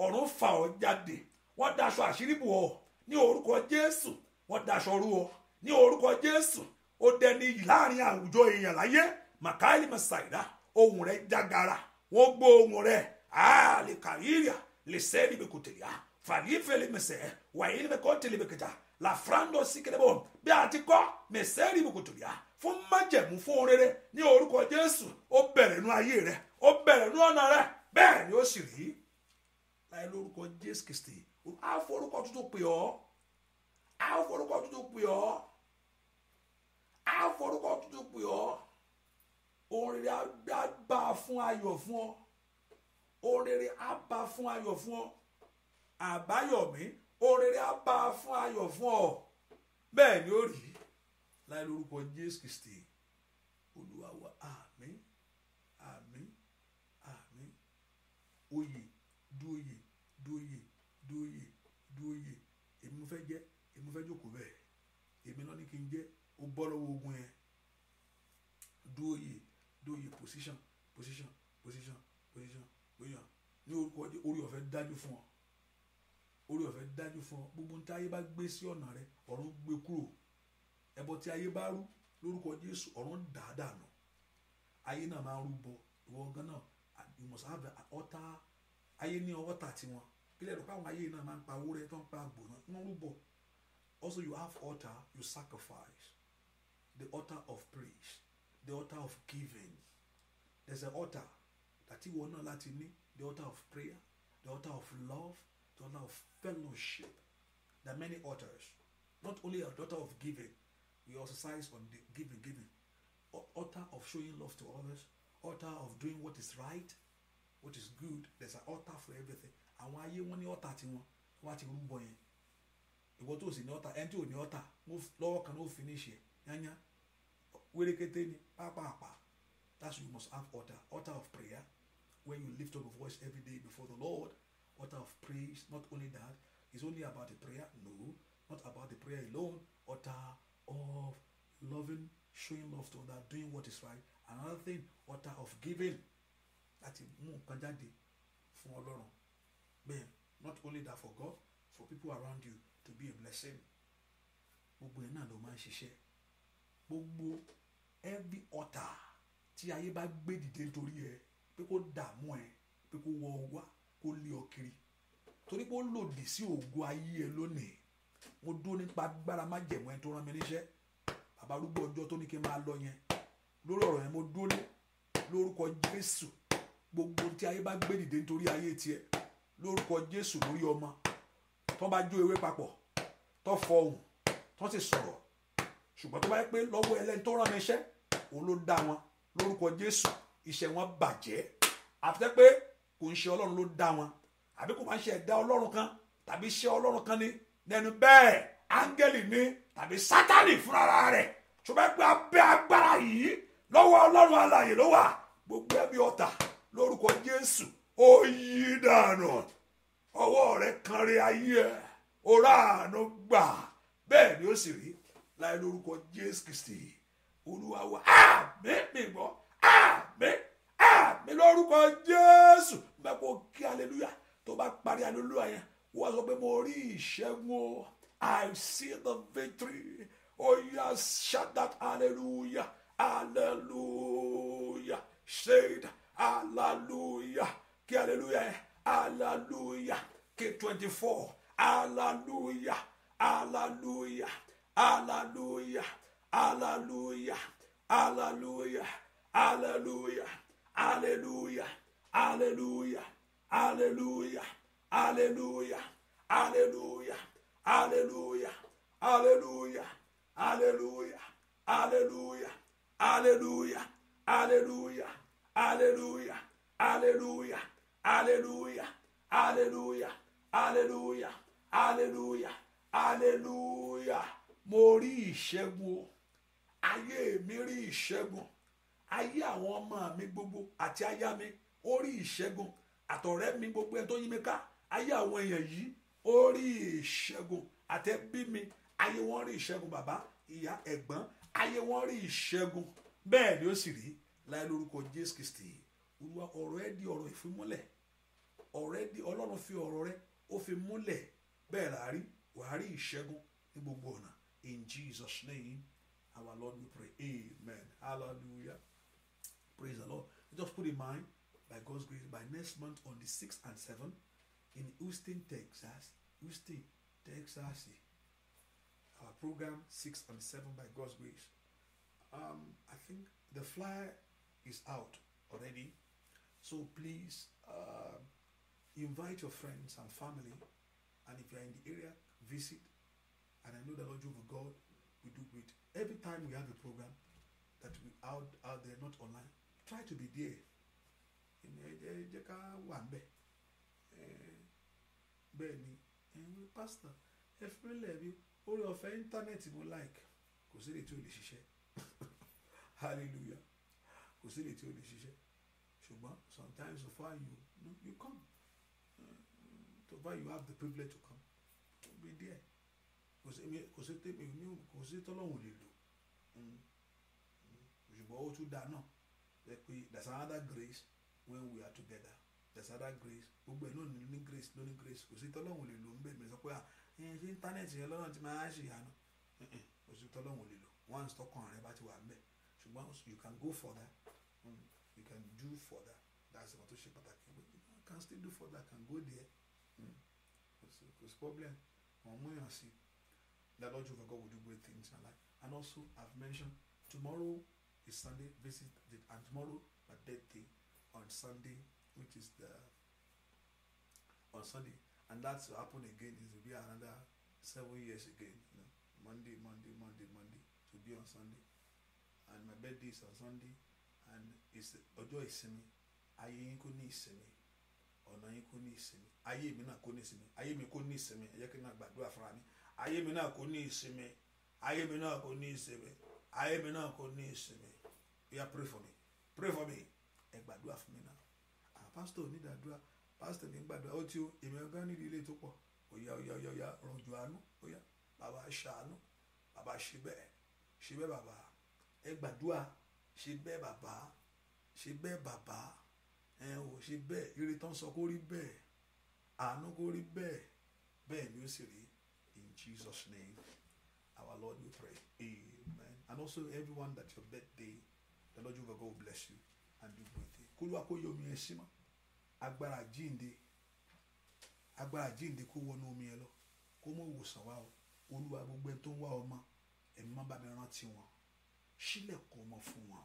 ọ̀run fà ọ́ jáde wọ́n daṣọ àṣírí bò ọ́ ní orúkọ jésù wọ́n daṣọ rú ọ́ ní orúkọ jésù ó dẹni láàrin àwùjọ èèyàn láyé màkàlì màsáìdá ohùn rẹ̀ jágara wọ́n gbọ́ ohùn rẹ̀ àlè kàríyà lise libekutelia falife limese wayili bekote libeketa lafrando sikelebo bí a ti kọ́ mẹsẹ́ libekutelia fún májẹ̀mú fún orere ní orúkọ jésù ó bẹ̀rẹ̀ nú ayé rẹ o bẹ̀rẹ̀ nú ọ̀nà rẹ bẹ́ẹ̀ ni ó sì rí láì lórúkọ jésù kristi a forúkọ tuntun pè ọ́ a forúkọ tuntun pè ọ́ a forúkọ tuntun pè ọ́ orin agbá fún ayọ̀ fún ọ orere á bá fún ayọ̀ fún ọ àbáyọ̀mí orere á bá fún ayọ̀ fún ọ bẹ́ẹ̀ ni ó rí láì lórúkọ Jésù Kristi Olúwa wa àmín àmín àmín oyè dóyè dóyè dóyè dóyè èmi mo fẹ́ jẹ́ èmi mo fẹ́ jókòó bẹ́ẹ̀ èmi náà ní kí n jẹ́ ó bọ́ lọ́wọ́ ogun yẹn dóyè dóyè position position ní orúkọ orí ọ̀fẹ́ dájú fún ọ orí ọ̀fẹ́ dájú fún ọ gbogbo ní tí ayé bá gbé sí ọ̀nà rẹ ọ̀run gbé kúrò ẹbọ tí ayé bá rú lórúkọ Jésù ọ̀run dáadáa nù ayé náà máa rú bọ ìwọ gan náà you must have ọ̀tá ayé ní ọ̀tá tiwọn kílẹ̀ rẹ̀ káwọn ayé náà máa ń pa owó rẹ̀ tó ń pa àgbò náà wọ́n rú bọ also you have altar you sacrifice the altar of praise the altar of giving there's an altar àti ìwọ náà láti ní the altar of prayer, the altar of love, the altar of fellowship. There are many altars. Not only a daughter of giving, we exercise on the giving, giving. Altar of showing love to others, altar of doing what is right, what is good. There's an altar for everything. Àwọn ayé wọn ní ọ̀tà tiwọn, What you ti ń bọ̀ yẹn. Ìwọ tó sì ní ọ̀tà, the tí ò ní ọ̀tà, lọ́wọ́ kan ló finish ẹ̀ yányá. Wérékété ni pápá àpá. That's why you must have altar. Altar of prayer, when you lift up your voice every day before the Lord, utter of praise. Not only that, it's only about the prayer. No, not about the prayer alone. Utter of loving, showing love to others, doing what is right. Another thing, utter of giving. That is nǹkan jáde fún Ọlọ́run. Bẹ́ẹ̀ not only that for God, for people around you to be a blessing. Gbogbo ẹ̀ náà ló every utter tí ayé bá gbé dìde nítorí ẹ̀ pé kó dààmú ẹ pé kó wọ ọwá kó lé ọ kiri torí pé ó lòdì sí ògo ayé ẹ lónìí mo dúró nípa agbára májẹ̀mú ẹni tó rán mi níṣẹ́ bàbá arúgbó ọjọ́ tó ní kí n máa lọ yẹn lórí ọ̀rọ̀ yẹn mo dúró lé lórúkọ Jésù gbogbo tí ayé bá gbé dìde nítorí ayé tiẹ̀ lórúkọ Jésù lórí ọmọ tó bá jó ewé papọ̀ tó fọ ohùn tó sì sọ̀rọ̀ ṣùgbọ́n tó bá yẹ pé lọ́wọ́ ẹlẹ́ni tó rán mi iṣẹ́ òun ló dá wọn lórúkọ Jésù iṣẹ́ wọn bàjẹ́ àfitẹ́ pé kò ń ṣe ọlọ́run ló dá wọn àbí kò máa ń ṣe ẹ̀dá ọlọ́run kan tàbí iṣẹ́ ọlọ́run kan ni lẹ́nu bẹ́ẹ̀ áńgẹ́lì ni tàbí sátánì fúnra rẹ̀ ṣùgbọ́n pé abẹ́ agbára yìí lọ́wọ́ ọlọ́run alààyè ló wà gbogbo ẹbí ọ̀tá lórúkọ jésù ó yí dànù ọwọ́ rẹ kan rí ayé ẹ̀ orá àánú gbà bẹ́ẹ̀ ni ó sì rí láì lórúkọ jésù kristi olúwa wa àmín mi gbọ́ àmín àmín ah, lórúkọ jésù bẹ́ẹ̀ kó kí aleluya tó bá parí aleluya yẹn wọ́n sọ pé mo rí ìṣẹ́gun o I see the victory oh yes shout that hallelujah hallelujah say it hallelujah kí aleluya yẹn hallelujah kí twenty four hallelujah hallelujah hallelujah hallelujah hallelujah. Aleluia, aleluia, aleluia, aleluia, aleluia, aleluia, aleluia, aleluia, aleluia, aleluia, aleluia, aleluia, aleluia, aleluia, aleluia, aleluia, aleluia, aleluia, aleluia. Mo rí ìṣẹ́gun o, ayé mi ayé àwọn ọmọ mi gbogbo àti aya mi orí ìṣẹ́gun àtọ̀rẹ́ mi gbogbo ẹni tó yí mi ká ayé àwọn èèyàn yìí orí ìṣẹ́gun àtẹbí mi ayé wọn rí ìṣẹ́gun bàbá ìyá ẹ̀gbọ́n ayé wọn rí ìṣẹ́gun bẹ́ẹ̀ ni ó sì rí láì lórúkọ Jésù Kristi olúwa ọ̀rọ̀ ẹ di ọ̀rọ̀ ìfimúlẹ̀ ọ̀rọ̀ ẹ di ọlọ́run fi ọ̀rọ̀ rẹ ó fi múlẹ̀ bẹ́ẹ̀ là á rí wà á rí ìṣẹ́gun ní gbogbo ọ̀nà in Jesus name our Lord we pray amen hallelujah. Praise the Lord. Just put in mind, by God's grace, by next month on the 6th and 7th in Houston, Texas. Houston, Texas. Our program 6 and 7 by God's grace. Um, I think the flyer is out already. So please uh, invite your friends and family. And if you are in the area, visit. And I know the Lord Jehovah God will do great. Every time we have a program that we out out there, not online, try to be there ẹ jẹ́ ká wà ń bẹ̀ bẹ́ẹ̀ ni ẹ̀yin pásítọ̀ ẹ fi mí lẹ̀ bí orí ọ̀fẹ́ íńtánẹ́ẹ̀tì mo like kò sí èdè tí ò lè ṣiṣẹ́ hallelujah kò sí èdè tí ò lè ṣiṣẹ́ ṣùgbọ́n sometimes so far you no, you come so far you have the privilege to come to be there kò sí kò sí tẹ́mi kò sí tọ́lọ́hùn lè lò mm. Mm. ṣùgbọ́n ó tún dáa náà there's another grace when we are together there's another grace gbogbo ẹ̀ lónìí ní grace lónìí grace kò sí tọ́lọ́hún lè lò ń bẹ̀ mí sọ pé à ẹ̀yìn sí íńtánẹ́ẹ̀tì yẹn lọ́nà tí máa ṣe ìyanu kò sí tọ́lọ́hún lè lò once tọkàn rẹ bá ti wà ń bẹ̀ ṣùgbọ́n you can go further mm, you can do further that's what ó ṣe pàtàkì you can still do further can go there mm. kò sí kò sí problem wọ́n mú yàn sí that Lord Jehovah God will do great things in our life and also I've mentioned tomorrow is Sunday visit, the, and tomorrow my dead day on Sunday, which is the on Sunday, and that will happen again. It will be another several years again. You know, Monday, Monday, Monday, Monday to be on Sunday, and my birthday is on Sunday, and it's ọjọ́ ìsinmi. Ayé yín kò ní ìsinmi, ọ̀nà yín kò ní ìsinmi, ayé mi náà kò ní ìsinmi, ayé mi kò ní ìsinmi. Ẹ jẹ́ kí n náà gbàdúrà fúnra mi. Ayé mi náà kò mi náà kò ní ìsinmi, mi náà kò ní yeah pray for me pray for me ẹ gbàdúrà fún mi náà àwọn ah, pásítọ̀ onídàádúrà pásítọ̀ ní gbàdúrà ó ti o èmi ọgá nídìí ilé tó pọ̀ oya. òyà Oya. òyà rọ̀jò àánú òyà bàbá ṣàánú bàbá ṣe bẹ́ẹ̀ ṣe bẹ́ẹ̀ bàbá ẹ gbàdúrà ṣe bẹ́ẹ̀ bàbá ṣe bẹ́ẹ̀ bàbá ẹ ò ṣe bẹ́ẹ̀ ire tán sọ kó rí bẹ́ẹ̀ àánú kó rí bẹ́ẹ̀ bẹ́ẹ̀ ni ó sì rí in Jesus name our Lord we pray amen and also everyone that your birthday. The Lord Jehovah God will bless you and do great things. Kó lóa kó yẹ omi yẹn sí mọ́. Agbára jíǹde. Agbára jíǹde kó wọnú omi yẹn lọ. Kó mọ ìwòsàn wá o. Olúwa gbogbo ẹni tó ń wá ọmọ. Ẹ̀mí máa bá mi rántí wọn. Ṣílẹ̀kùn ọmọ fún wọn.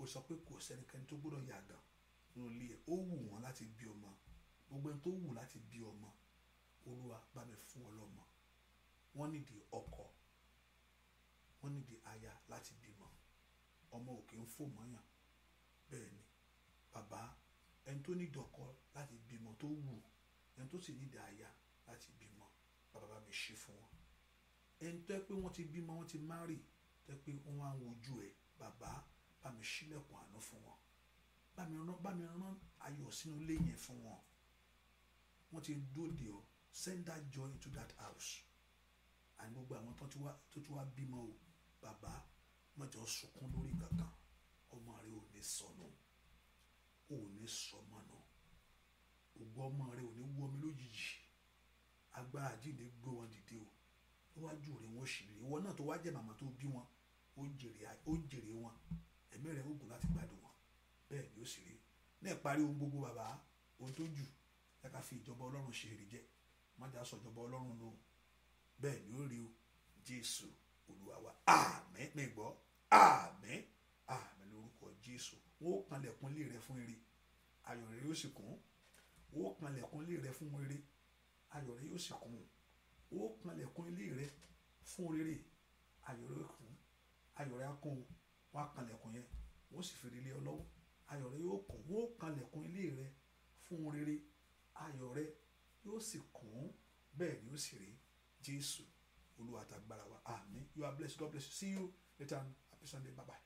O sọ pé kò sẹ́nikẹ́ni tó gbọ́dọ̀ yàgàn nínú ilé ẹ̀. Ó wù wọ́n láti bí ọmọ. Gbogbo ẹni tó wù láti bí ọmọ. Olúwa bá mi fún ọlọ́mọ. Wọ́n nídìí ọkọ. Wọ́n nídìí aya láti bímọ ọmọ òkè ń fò mọ́yàn bẹ́ẹ̀ ni bàbá ẹni tó ní dọ̀kọ láti bímọ tó wù ẹni tó sì nídìí aya láti bímọ bàbá bá mi ṣe fún wọn ẹni tó yẹ pé wọ́n ti bímọ wọ́n ti márì tó yẹ pé wọ́n á wojú ẹ̀ bàbá bá mi ṣílẹ̀kùn àánú fún wọn bá mi rán bá mi rán ayọ̀ sínú ilé yẹn fún wọn wọ́n ti dóde ọ send that joy into that house àní gbogbo àwọn tó ti wá bímọ o bàbá mọ̀jọ́ sunkún lórí kankan ọmọ rẹ ò ní sọnù ò ní sọmọnù ògbó ọmọ rẹ ò ní wú omi lójijì agbára àjíǹde gbé wọn dìde o níwájú rẹ wọn sì rí ìwọ náà tó wá jẹ màmá tó bí wọn ó jèrè wọn ẹ̀mí rẹ ó gùn láti gbádùn wọn bẹ́ẹ̀ ni ó sì rí náà parí ohun gbogbo bàbá ohun tó jù ẹ ká fi ìjọba ọlọ́run ṣe èrè jẹ má jà sọ ìjọba ọlọ́run nù bẹ́ẹ̀ ni ó rí o Jésù olúwa wa àmín mi gbọ́ àmín àmín lórúkọ jésù wọ́n ó kanlẹ̀kùn lé rẹ fún ire ayọ̀ rẹ yóò sì kún wọ́n ó kanlẹ̀kùn lé rẹ fún ire ayọ̀ rẹ yóò sì kún wọ́n ó kanlẹ̀kùn ilé rẹ fún rere ayọ̀ rẹ kún ayọ̀ rẹ á kún o wọ́n á kanlẹ̀kùn yẹn wọ́n sì fèrè lé ọ lọ́wọ́ ayọ̀ rẹ yóò kún wọ́n ó kanlẹ̀kùn ilé rẹ fún rere ayọ̀ rẹ yóò sì kún bẹ́ẹ̀ ni ó sì rí jésù àtàgbára wa you are blessed god bless you see you later on happy sunday bye bye.